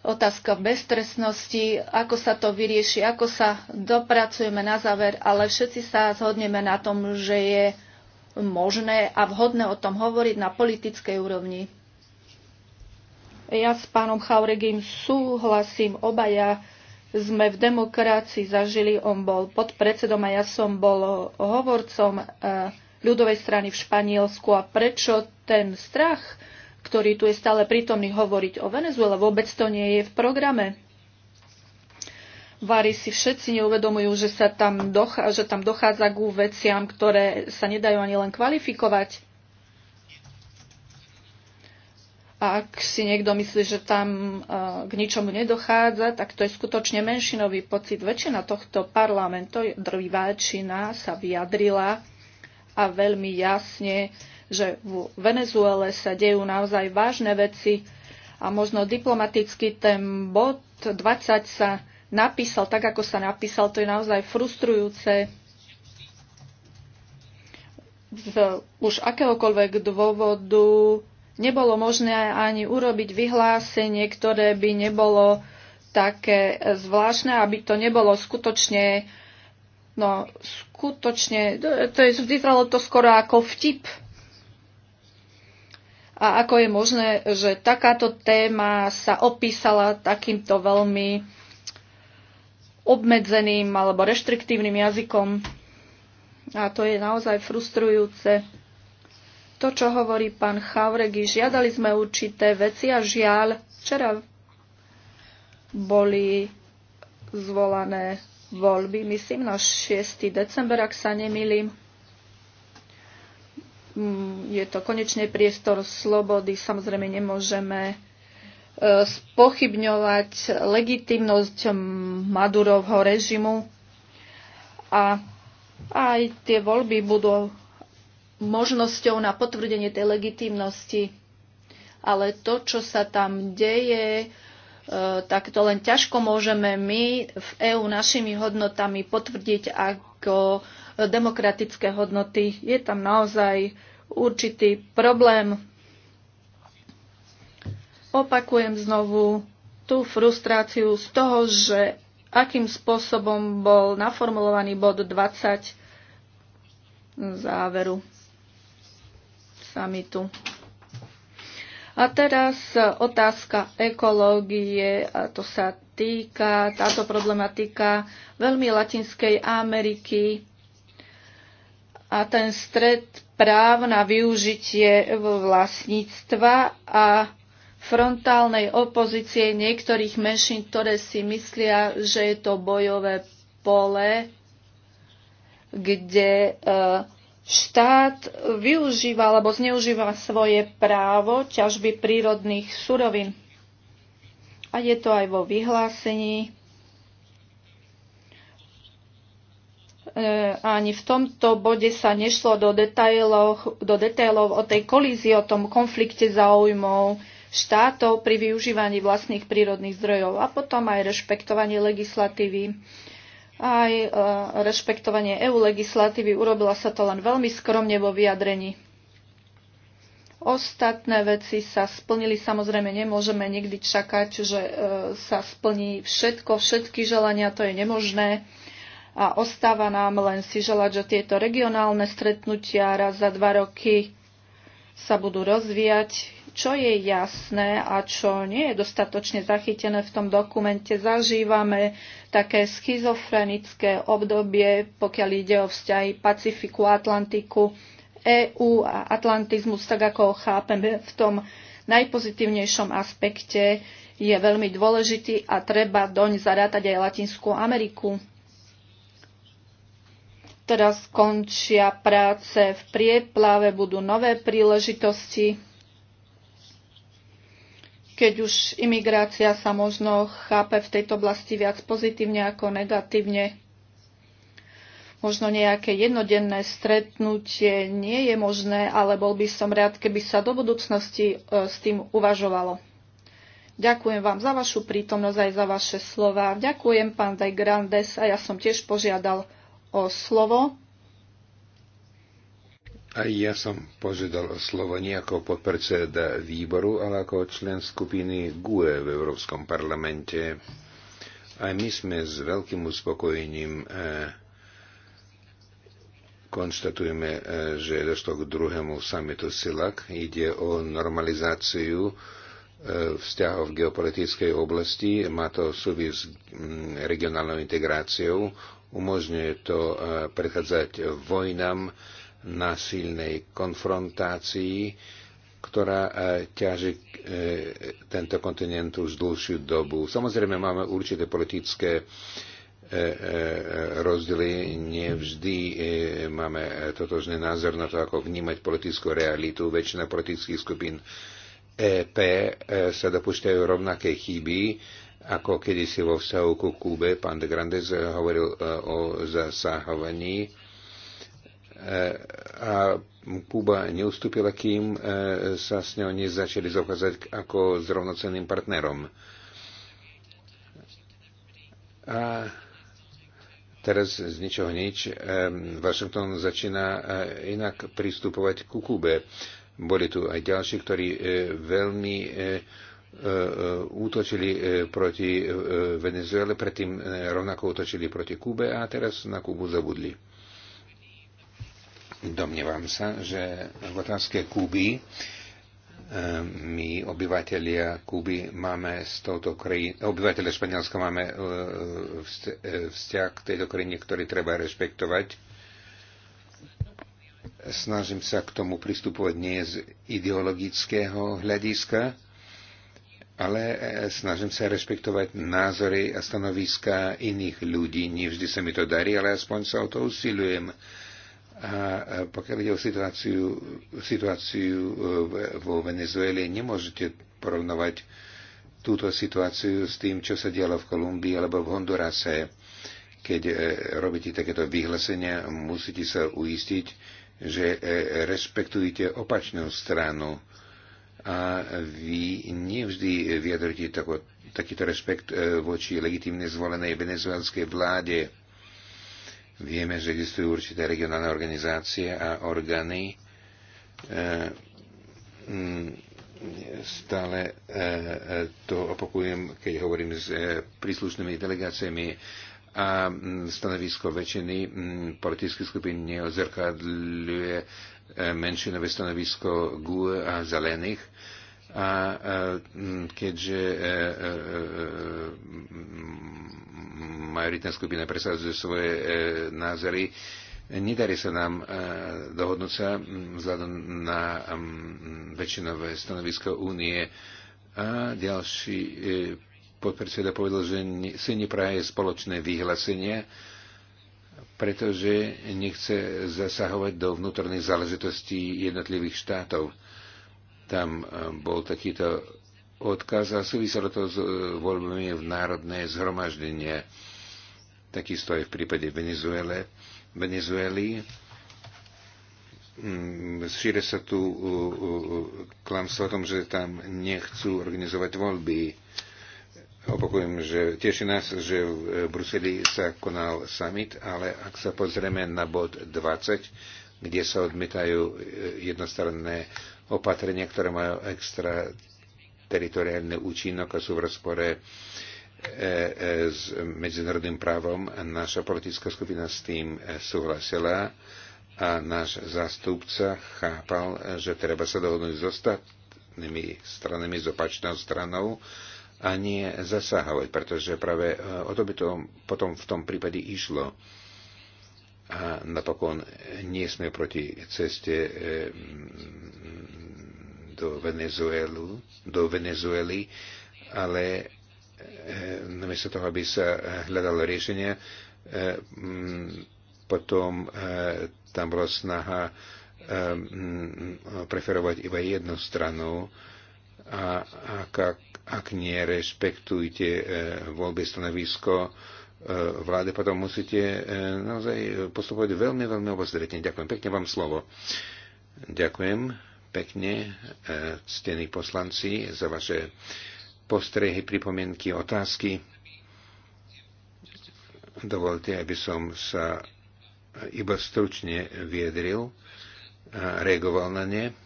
otázka beztrestnosti, ako sa to vyrieši, ako sa dopracujeme na záver, ale všetci sa zhodneme na tom, že je možné a vhodné o tom hovoriť na politickej úrovni. Ja s pánom Chauregim súhlasím, obaja sme v demokracii zažili, on bol podpredsedom a ja som bol hovorcom eh, ľudovej strany v Španielsku. A prečo ten strach? ktorý tu je stále prítomný, hovoriť o Venezuele. Vôbec to nie je v programe. Vári si všetci neuvedomujú, že, sa tam dochá, že tam dochádza k veciam, ktoré sa nedajú ani len kvalifikovať. A ak si niekto myslí, že tam e, k ničomu nedochádza, tak to je skutočne menšinový pocit. Väčšina tohto parlamentu, drvivá väčšina, sa vyjadrila a veľmi jasne že v Venezuele sa dejú naozaj vážne veci a možno diplomaticky ten bod 20 sa napísal tak, ako sa napísal. To je naozaj frustrujúce. Z už akéhokoľvek dôvodu nebolo možné ani urobiť vyhlásenie, ktoré by nebolo také zvláštne, aby to nebolo skutočne, no skutočne, to je, vyzeralo to skoro ako vtip, a ako je možné, že takáto téma sa opísala takýmto veľmi obmedzeným alebo reštriktívnym jazykom. A to je naozaj frustrujúce. To, čo hovorí pán Chavregi, žiadali sme určité veci a žiaľ, včera boli zvolané voľby, myslím, na 6. december, ak sa nemýlim Mm, je to konečne priestor slobody. Samozrejme nemôžeme e, spochybňovať legitimnosť Madurovho režimu a aj tie voľby budú možnosťou na potvrdenie tej legitimnosti. Ale to, čo sa tam deje, e, tak to len ťažko môžeme my v EÚ našimi hodnotami potvrdiť ako demokratické hodnoty. Je tam naozaj určitý problém. Opakujem znovu tú frustráciu z toho, že akým spôsobom bol naformulovaný bod 20 záveru samitu. A teraz otázka ekológie, a to sa týka, táto problematika veľmi Latinskej Ameriky a ten stred práv na využitie vlastníctva a frontálnej opozície niektorých menšín, ktoré si myslia, že je to bojové pole, kde e, štát využíva alebo zneužíva svoje právo ťažby prírodných surovín. A je to aj vo vyhlásení E, ani v tomto bode sa nešlo do detailov, do detailov o tej kolízii, o tom konflikte záujmov štátov pri využívaní vlastných prírodných zdrojov a potom aj rešpektovanie legislatívy aj e, rešpektovanie EU legislatívy. Urobila sa to len veľmi skromne vo vyjadrení. Ostatné veci sa splnili. Samozrejme, nemôžeme nikdy čakať, že e, sa splní všetko, všetky želania, to je nemožné a ostáva nám len si želať, že tieto regionálne stretnutia raz za dva roky sa budú rozvíjať. Čo je jasné a čo nie je dostatočne zachytené v tom dokumente, zažívame také schizofrenické obdobie, pokiaľ ide o vzťahy Pacifiku, Atlantiku, EÚ a Atlantizmus, tak ako ho chápeme v tom najpozitívnejšom aspekte, je veľmi dôležitý a treba doň zarátať aj Latinskú Ameriku. Teraz končia práce v prieplave, budú nové príležitosti. Keď už imigrácia sa možno chápe v tejto oblasti viac pozitívne ako negatívne, možno nejaké jednodenné stretnutie nie je možné, ale bol by som rád, keby sa do budúcnosti e, s tým uvažovalo. Ďakujem vám za vašu prítomnosť aj za vaše slova. Ďakujem, pán De Grandes, a ja som tiež požiadal o slovo. Aj ja som požiadal o slovo nie ako podpredseda výboru, ale ako člen skupiny GUE v Európskom parlamente. Aj my sme s veľkým uspokojením eh, konštatujeme, eh, že došlo k druhému samitu SILAK. Ide o normalizáciu vzťahov v geopolitickej oblasti, má to súvis s mm, regionálnou integráciou, umožňuje to e, predchádzať vojnám, silnej konfrontácii, ktorá e, ťaží e, tento kontinent už dlhšiu dobu. Samozrejme, máme určité politické rozdiely. Nevždy máme totožný názor na to, ako vnímať politickú realitu. Väčšina politických skupín EP e, sa dopúšťajú rovnaké chyby, ako kedysi vo vzťahu ku Kube. Pán de Grandes e, hovoril e, o zasahovaní a Kuba neustúpila, kým sa s ňou nezačali zaukázať ako s rovnocenným partnerom. A teraz z ničoho nič Washington začína inak pristupovať ku Kube. Boli tu aj ďalší, ktorí e, veľmi e, e, útočili proti Venezuele, predtým rovnako útočili proti Kube a teraz na Kubu zabudli. Domnievam sa, že v otázke Kuby my, obyvateľia Kuby, máme s touto krajinou, obyvateľe Španielska máme vzťah k tejto krajine, ktorý treba rešpektovať. Snažím sa k tomu pristupovať nie z ideologického hľadiska, ale e, snažím sa rešpektovať názory a stanoviska iných ľudí. Nevždy sa mi to darí, ale aspoň sa o to usilujem. A e, pokiaľ ide o situáciu, situáciu e, vo Venezuele, nemôžete porovnovať túto situáciu s tým, čo sa dialo v Kolumbii alebo v Hondurase. Keď robíte takéto vyhlásenia, musíte sa uistiť, že e, rešpektujete opačnú stranu a vy nevždy vyjadrujete tako, takýto rešpekt e, voči legitimne zvolenej venezuelskej vláde. Vieme, že existujú určité regionálne organizácie a orgány e, stále to opakujem, keď hovorím s príslušnými delegáciami a mm, stanovisko väčšiny mm, politických skupín neozrkadľuje e, menšinové stanovisko GUE a zelených. A e, mm, keďže e, majoritná skupina presadzuje svoje názory, nedarí sa nám dohodnúť sa vzhľadom na väčšinové stanovisko únie a ďalší podpredseda povedal, že si nepraje spoločné vyhlásenie, pretože nechce zasahovať do vnútorných záležitostí jednotlivých štátov. Tam eh, bol takýto odkaz a súviselo to s eh, voľbami v národné zhromaždenie. Takisto aj v prípade Venezuele. Venezueli mm, šíre sa tu eh, klamstvo o tom, že tam nechcú organizovať voľby. Opakujem, že teší nás, že e, v Bruseli sa konal summit, ale ak sa pozrieme na bod 20, kde sa odmietajú e, jednostranné opatrenia, ktoré majú extra teritoriálny účinok a sú v rozpore e, s medzinárodným právom. Naša politická skupina s tým súhlasila a náš zástupca chápal, že treba sa dohodnúť s ostatnými stranami, s opačnou stranou, a nie zasahovať, pretože práve e, o to by to potom v tom prípade išlo. A napokon nie sme proti ceste e, mm, do, Venezuelu, do Venezueli, ale e, namiesto toho, aby sa hľadalo riešenie, mm, potom tam bola snaha mm, preferovať iba jednu stranu a, a ak ak nerešpektujete e, voľby stanovisko e, vlády, potom musíte e, naozaj postupovať veľmi, veľmi obozretne. Ďakujem. Pekne vám slovo. Ďakujem pekne, ctení poslanci, za vaše postrehy, pripomienky, otázky. Dovolte, aby som sa iba stručne viedril a reagoval na ne.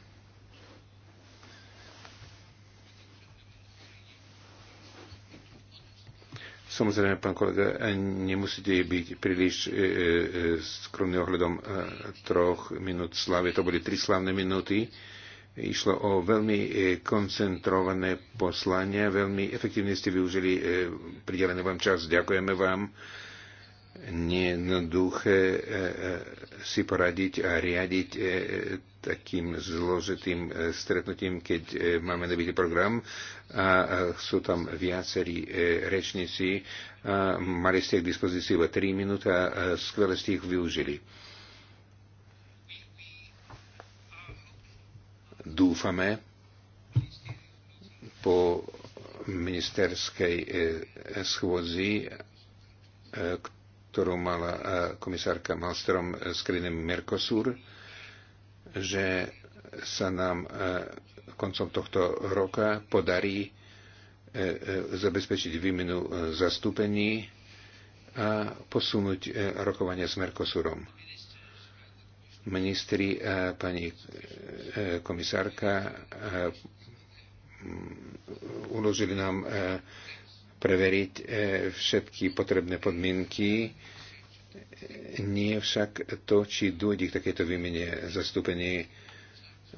Samozrejme, pán kolega, nemusíte byť príliš e, e, skromný ohľadom e, troch minút slavy. To boli tri slavné minúty. Išlo o veľmi e, koncentrované poslania, veľmi efektívne ste využili e, pridelený vám čas. Ďakujeme vám nejednoduché e, e, si poradiť a riadiť e, takým zložitým stretnutím, keď máme nebytý program a sú tam viacerí rečníci. A mali ste k dispozícii iba 3 minúty a skvele ste ich využili. Dúfame po ministerskej schôdzi, ktorú mala e, komisárka Malstrom e, s krinem Mercosur, že sa nám e, koncom tohto roka podarí zabezpečiť výmenu zastúpení a posunúť rokovania s Mercosurom. Ministri a pani komisárka uložili nám preveriť e, všetky potrebné podmienky, nie však to, či dôjde k takéto výmene zastúpení.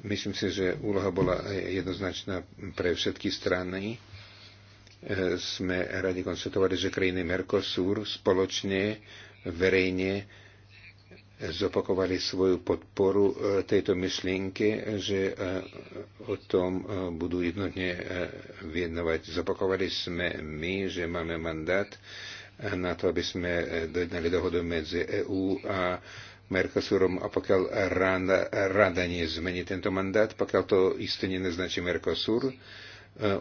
Myslím si, že úloha bola jednoznačná pre všetky strany. E, sme radi konstatovali, že krajiny Mercosur spoločne verejne zopakovali svoju podporu e, tejto myšlienke, že e, o tom e, budú jednotne vyjednovať. Zopakovali sme my, že máme mandát na to, aby sme dojednali dohodu medzi EÚ a Mercosurom a pokiaľ rada, rada nezmení tento mandát, pokiaľ to isté neznačí Mercosur,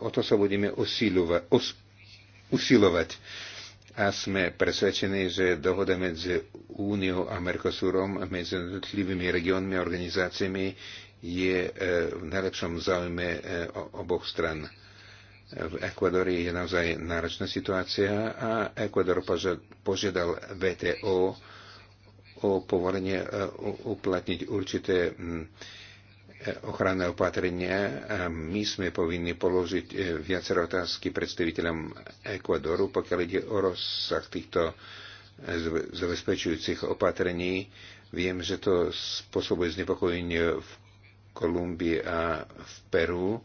o to sa budeme usilovať. usilovať a sme presvedčení, že dohoda medzi Úniou a Mercosurom, medzi jednotlivými regiónmi a organizáciami je e, v najlepšom záujme e, oboch stran. V Ekvadori je naozaj náročná situácia a Ekvador požiadal VTO o povolenie e, uplatniť určité ochranné opatrenia a my sme povinni položiť e, viacero otázky predstaviteľom Ekvadoru, pokiaľ ide o rozsah týchto e, zabezpečujúcich opatrení. Viem, že to spôsobuje znepokojenie v Kolumbii a v Peru.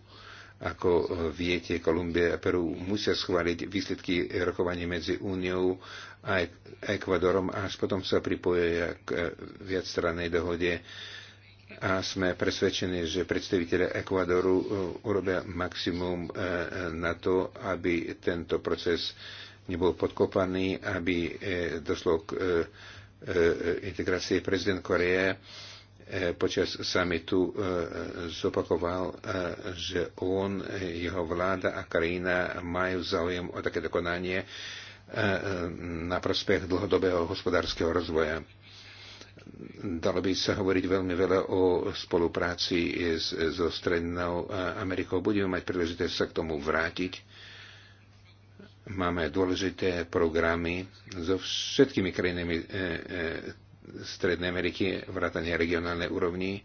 Ako e, viete, Kolumbia a Peru musia schváliť výsledky rokovania medzi Úniou a Ekvadorom a až potom sa pripojuje k viacstrannej dohode a sme presvedčení, že predstaviteľe Ekvadoru e, urobia maximum e, na to, aby tento proces nebol podkopaný, aby e, došlo k integrácii prezident Koreje počas samitu zopakoval, že on, jeho vláda a krajina majú záujem o také dokonanie na prospech dlhodobého hospodárskeho rozvoja dalo by sa hovoriť veľmi veľa o spolupráci s, so Strednou Amerikou. Budeme mať príležitosť sa k tomu vrátiť. Máme dôležité programy so všetkými krajinami e, e, Strednej Ameriky, vrátanie regionálnej úrovni.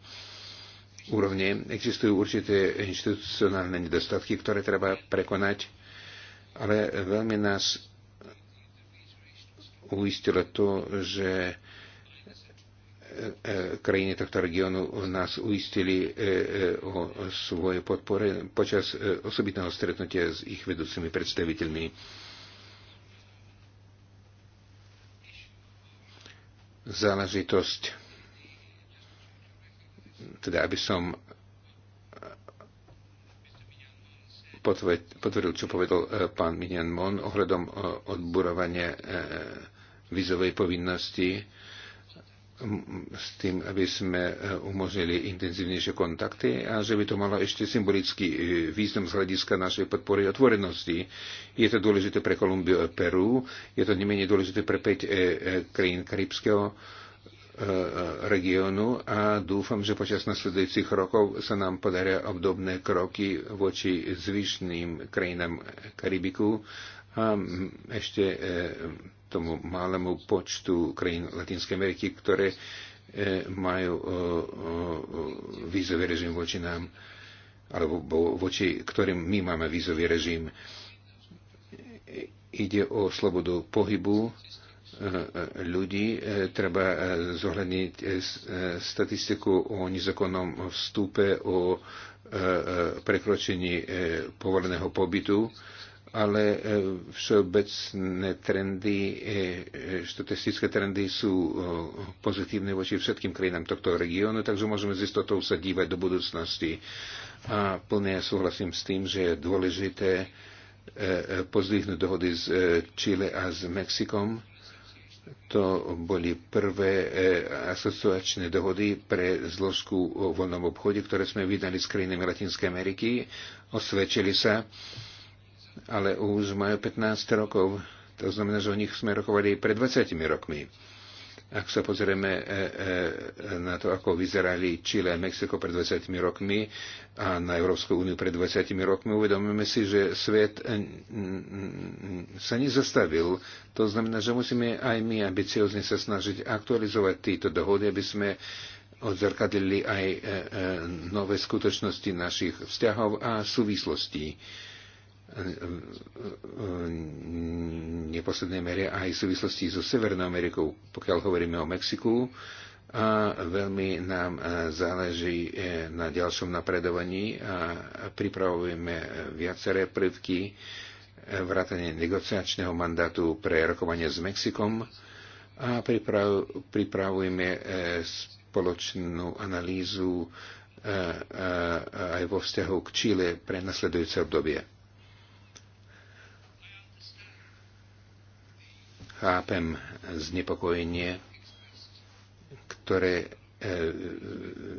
Úrovne existujú určité institucionálne nedostatky, ktoré treba prekonať, ale veľmi nás uistilo to, že E, e, krajiny tohto regiónu nás uistili e, o svojej podpore počas osobitného stretnutia s ich vedúcimi predstaviteľmi. Záležitosť, teda aby som potvrdil, čo povedal pán Minian Mon ohľadom odburovania vizovej povinnosti s tým, aby sme e, umožnili intenzívnejšie kontakty a že by to malo ešte symbolický e, význam z hľadiska našej podpory otvorenosti. Je to dôležité pre Kolumbiu a Peru, je to nemenej dôležité pre 5 e, krajín karibského regiónu a dúfam, že počas nasledujúcich rokov sa nám podaria obdobné kroky voči zvyšným krajinám Karibiku a ešte tomu malému počtu krajín Latinskej Ameriky, ktoré e, majú e, e, vízový režim voči nám, alebo voči ktorým my máme vízový režim. Ide o slobodu pohybu ľudí. Treba zohľadniť statistiku o nezakonnom vstupe, o prekročení povoleného pobytu ale e, všeobecné trendy, e, e, štatistické trendy sú pozitívne voči všetkým krajinám tohto regiónu, takže môžeme s istotou sa dívať do budúcnosti. A plne súhlasím s tým, že je dôležité pozdvihnúť dohody s Čile a s Mexikom. To boli prvé asociačné dohody pre zložku o voľnom obchode, ktoré sme vydali s krajinami Latinskej Ameriky. Osvedčili sa ale už majú 15 rokov. To znamená, že o nich sme rokovali pred 20 rokmi. Ak sa pozrieme e, e, na to, ako vyzerali Čile a Mexiko pred 20 rokmi a na Európsku úniu pred 20 rokmi, uvedomíme si, že svet e, sa nezastavil. To znamená, že musíme aj my ambiciozne sa snažiť aktualizovať tieto dohody, aby sme odzrkadlili aj nové skutočnosti našich vzťahov a súvislostí neposlednej mere aj v súvislosti so Severnou Amerikou, pokiaľ hovoríme o Mexiku. A veľmi nám e, záleží e, na ďalšom napredovaní a pripravujeme viaceré prvky e, vrátane negociačného mandátu pre rokovanie s Mexikom a pripravujeme spoločnú analýzu aj vo vzťahu k Číle pre nasledujúce obdobie. chápem znepokojenie, ktoré e,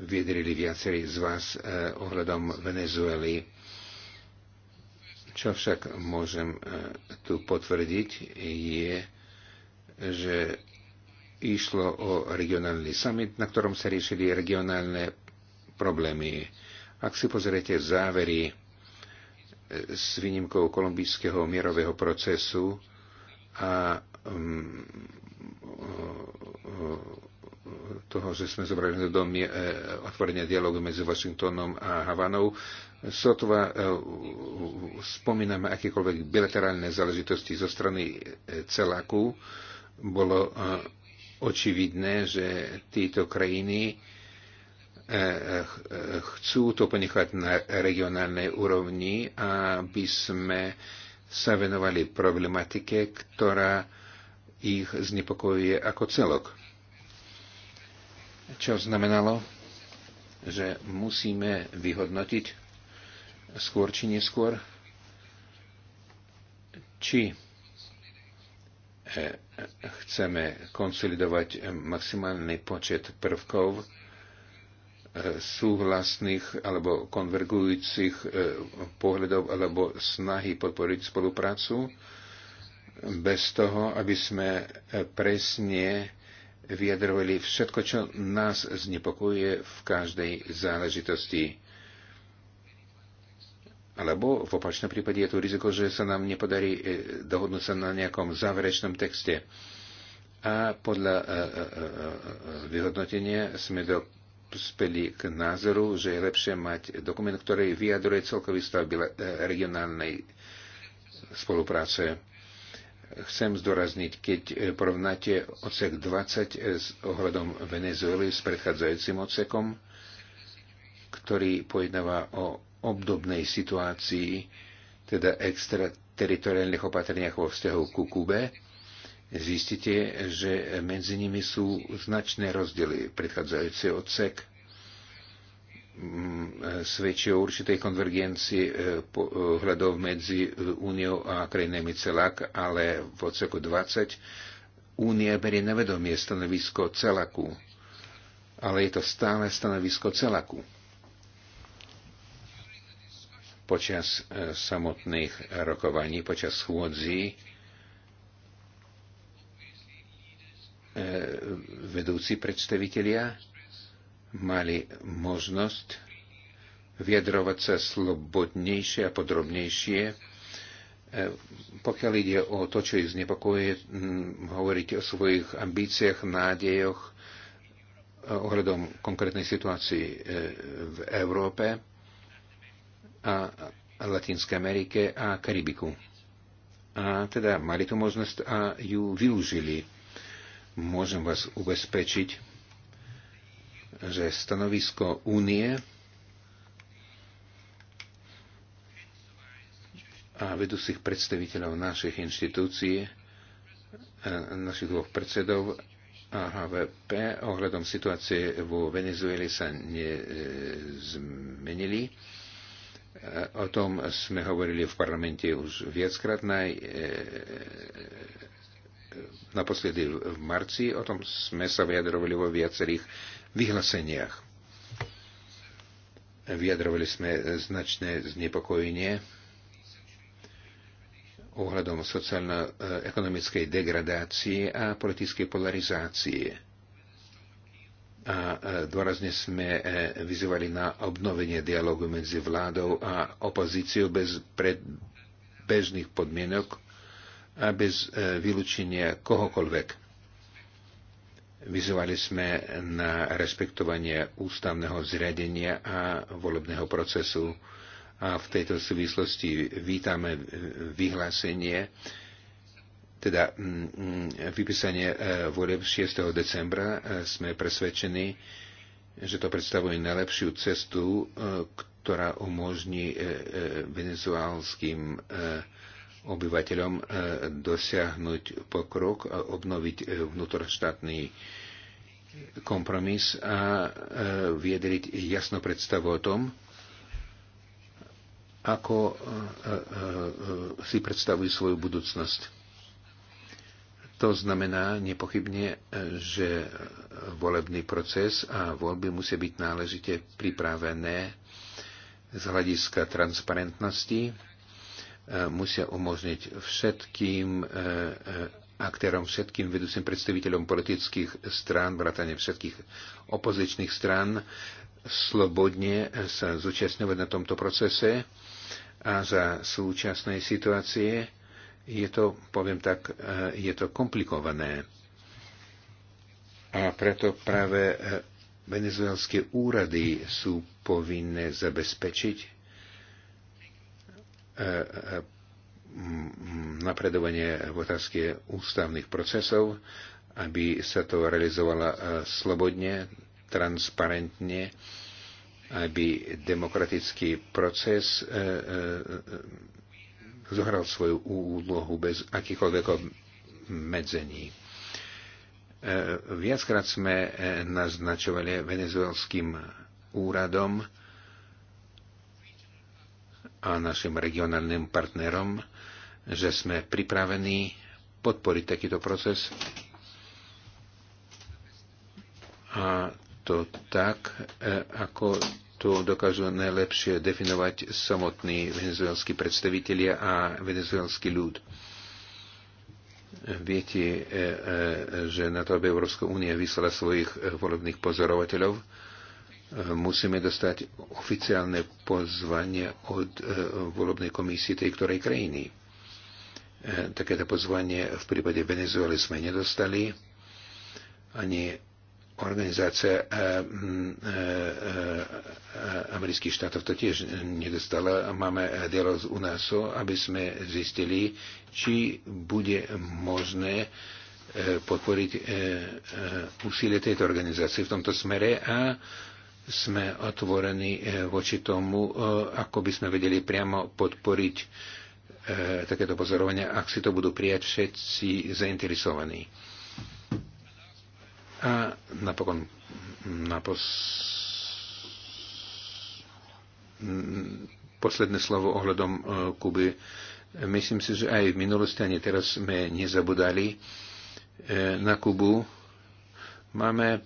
vyjadrili viacerí z vás e, ohľadom Venezuely. Čo však môžem e, tu potvrdiť je, že išlo o regionálny summit, na ktorom sa riešili regionálne problémy. Ak si pozriete závery s výnimkou kolumbijského mierového procesu a Ehm, e, e, e, toho, že sme zobrali do domy otvorenia dialogu medzi Washingtonom a Havanou. Sotva spomíname akékoľvek bilaterálne záležitosti zo strany celáku. Bolo očividné, že títo krajiny chcú to ponechať na regionálnej úrovni, aby sme sa venovali problematike, ktorá ich znepokojuje ako celok. Čo znamenalo, že musíme vyhodnotiť skôr či neskôr, či e, chceme konsolidovať maximálny počet prvkov e, súhlasných alebo konvergujúcich e, pohľadov alebo snahy podporiť spoluprácu bez toho, aby sme presne vyjadrovali všetko, čo nás znepokojuje v každej záležitosti. Alebo v opačnom prípade je tu riziko, že sa nám nepodarí e, dohodnúť sa na nejakom záverečnom texte. A podľa e, e, vyhodnotenia sme dospeli k názoru, že je lepšie mať dokument, ktorý vyjadruje celkový stav regionálnej spolupráce Chcem zdôrazniť, keď e, porovnáte odsek 20 e, s ohľadom Venezuely s predchádzajúcim odsekom, ktorý pojednáva o obdobnej situácii, teda extrateritoriálnych opatreniach vo vzťahu ku Kube, zistíte, že medzi nimi sú značné rozdiely. Predchádzajúci odsek svedčí o určitej konvergencii e, e, hľadov medzi e, Úniou a krajinami celák, ale v odseku 20 Únia berie na vedomie stanovisko celaku, ale je to stále stanovisko celaku. Počas samotných rokovaní, počas schôdzí, vedúci predstavitelia mali možnosť vyjadrovať sa slobodnejšie a podrobnejšie. E, pokiaľ ide o to, čo ich znepokojuje, hovoriť o svojich ambíciách, nádejoch e, ohľadom konkrétnej situácii e, v Európe a Latinskej Amerike a Karibiku. A teda mali tú možnosť a ju využili. Môžem vás ubezpečiť, že stanovisko únie a vedúcich predstaviteľov našich inštitúcií, e, našich dvoch predsedov a HVP ohľadom situácie vo Venezueli sa nezmenili. E, o tom sme hovorili v parlamente už viackrát, naj, e, naposledy v marci, o tom sme sa vyjadrovali vo viacerých vyhlaseniach. Vyjadrovali sme značné znepokojenie ohľadom sociálno-ekonomickej degradácie a politickej polarizácie. A e, dôrazne sme e, vyzývali na obnovenie dialogu medzi vládou a opozíciou bez predbežných podmienok a bez e, vylúčenia kohokoľvek. Vyzvali sme na respektovanie ústavného zriadenia a volebného procesu. A v tejto súvislosti vítame vyhlásenie, teda mm, vypísanie e, voleb 6. decembra. E, sme presvedčení, že to predstavuje najlepšiu cestu, e, ktorá umožní venezuálským obyvateľom e, dosiahnuť pokrok, obnoviť e, vnútroštátny kompromis a e, viedriť jasnú predstavu o tom, ako si predstavujú svoju budúcnosť. To znamená nepochybne, že volebný proces a voľby musia byť náležite pripravené z hľadiska transparentnosti, E, musia umožniť všetkým e, e, aktérom, všetkým vedúcim predstaviteľom politických strán, vrátane všetkých opozičných strán, slobodne sa zúčastňovať na tomto procese a za súčasnej situácie je to, poviem tak, je to komplikované. A preto práve venezuelské úrady sú povinné zabezpečiť, E, e, napredovanie v otázke ústavných procesov, aby sa to realizovalo e, slobodne, transparentne, aby demokratický proces zohral svoju úlohu bez akýchkoľvek medzení. Viackrát sme naznačovali venezuelským úradom, a našim regionálnym partnerom, že sme pripravení podporiť takýto proces. A to tak, e, ako to dokážu najlepšie definovať samotní venezuelskí predstavitelia a venezuelský ľud. Viete, e, e, že na to, aby Európska únia vyslala svojich volebných pozorovateľov, musíme dostať oficiálne pozvanie od e, volebnej komisie tej ktorej krajiny. E, takéto pozvanie v prípade Venezuely sme nedostali. Ani organizácia e, amerických štátov to tiež nedostala. Máme dialog z UNASO, aby sme zistili, či bude možné podporiť úsilie tejto organizácie v tomto smere a sme otvorení e, voči tomu, e, ako by sme vedeli priamo podporiť e, takéto pozorovania, ak si to budú prijať všetci zainteresovaní. A napokon napos... posledné slovo ohľadom Kuby. Myslím si, že aj v minulosti, ani teraz sme nezabudali na Kubu. Máme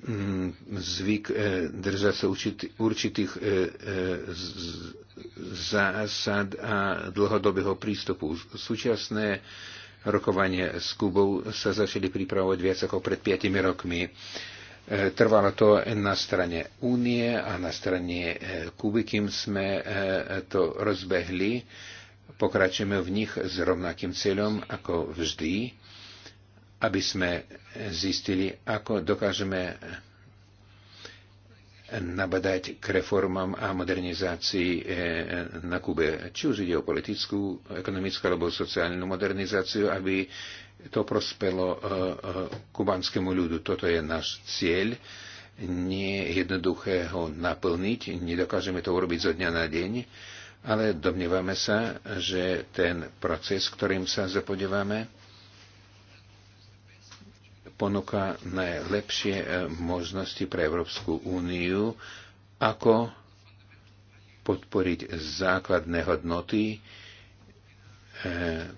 Mm, zvyk e, držať sa určitých e, e, zásad a dlhodobého prístupu. Súčasné rokovanie s Kubou sa začali pripravovať viac ako pred 5 rokmi. Trvalo to na strane Únie a na strane Kuby, kým sme to rozbehli. Pokračujeme v nich s rovnakým cieľom ako vždy aby sme zistili, ako dokážeme nabadať k reformám a modernizácii eh, na Kube. Či už ide o politickú, ekonomickú alebo sociálnu modernizáciu, aby to prospelo eh, eh, kubanskému ľudu. Toto je náš cieľ. Nie je jednoduché ho naplniť, nedokážeme to urobiť zo dňa na deň, ale domnievame sa, že ten proces, ktorým sa zapodívame, ponúka najlepšie e, možnosti pre Európsku úniu, ako podporiť základné hodnoty, e,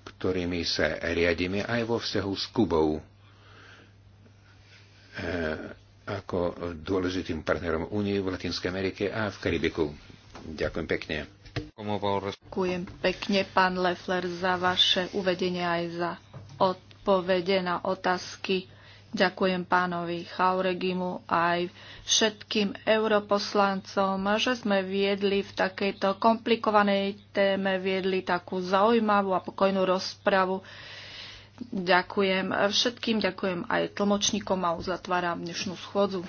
ktorými sa riadíme aj vo vzťahu s Kubou e, ako dôležitým partnerom únie v Latinskej Amerike a v Karibiku. Ďakujem pekne. Ďakujem pekne, pán Leffler, za vaše uvedenie aj za odpovede na otázky Ďakujem pánovi Chauregimu aj všetkým europoslancom, že sme viedli v takejto komplikovanej téme, viedli takú zaujímavú a pokojnú rozpravu. Ďakujem všetkým, ďakujem aj tlmočníkom a uzatváram dnešnú schôdzu.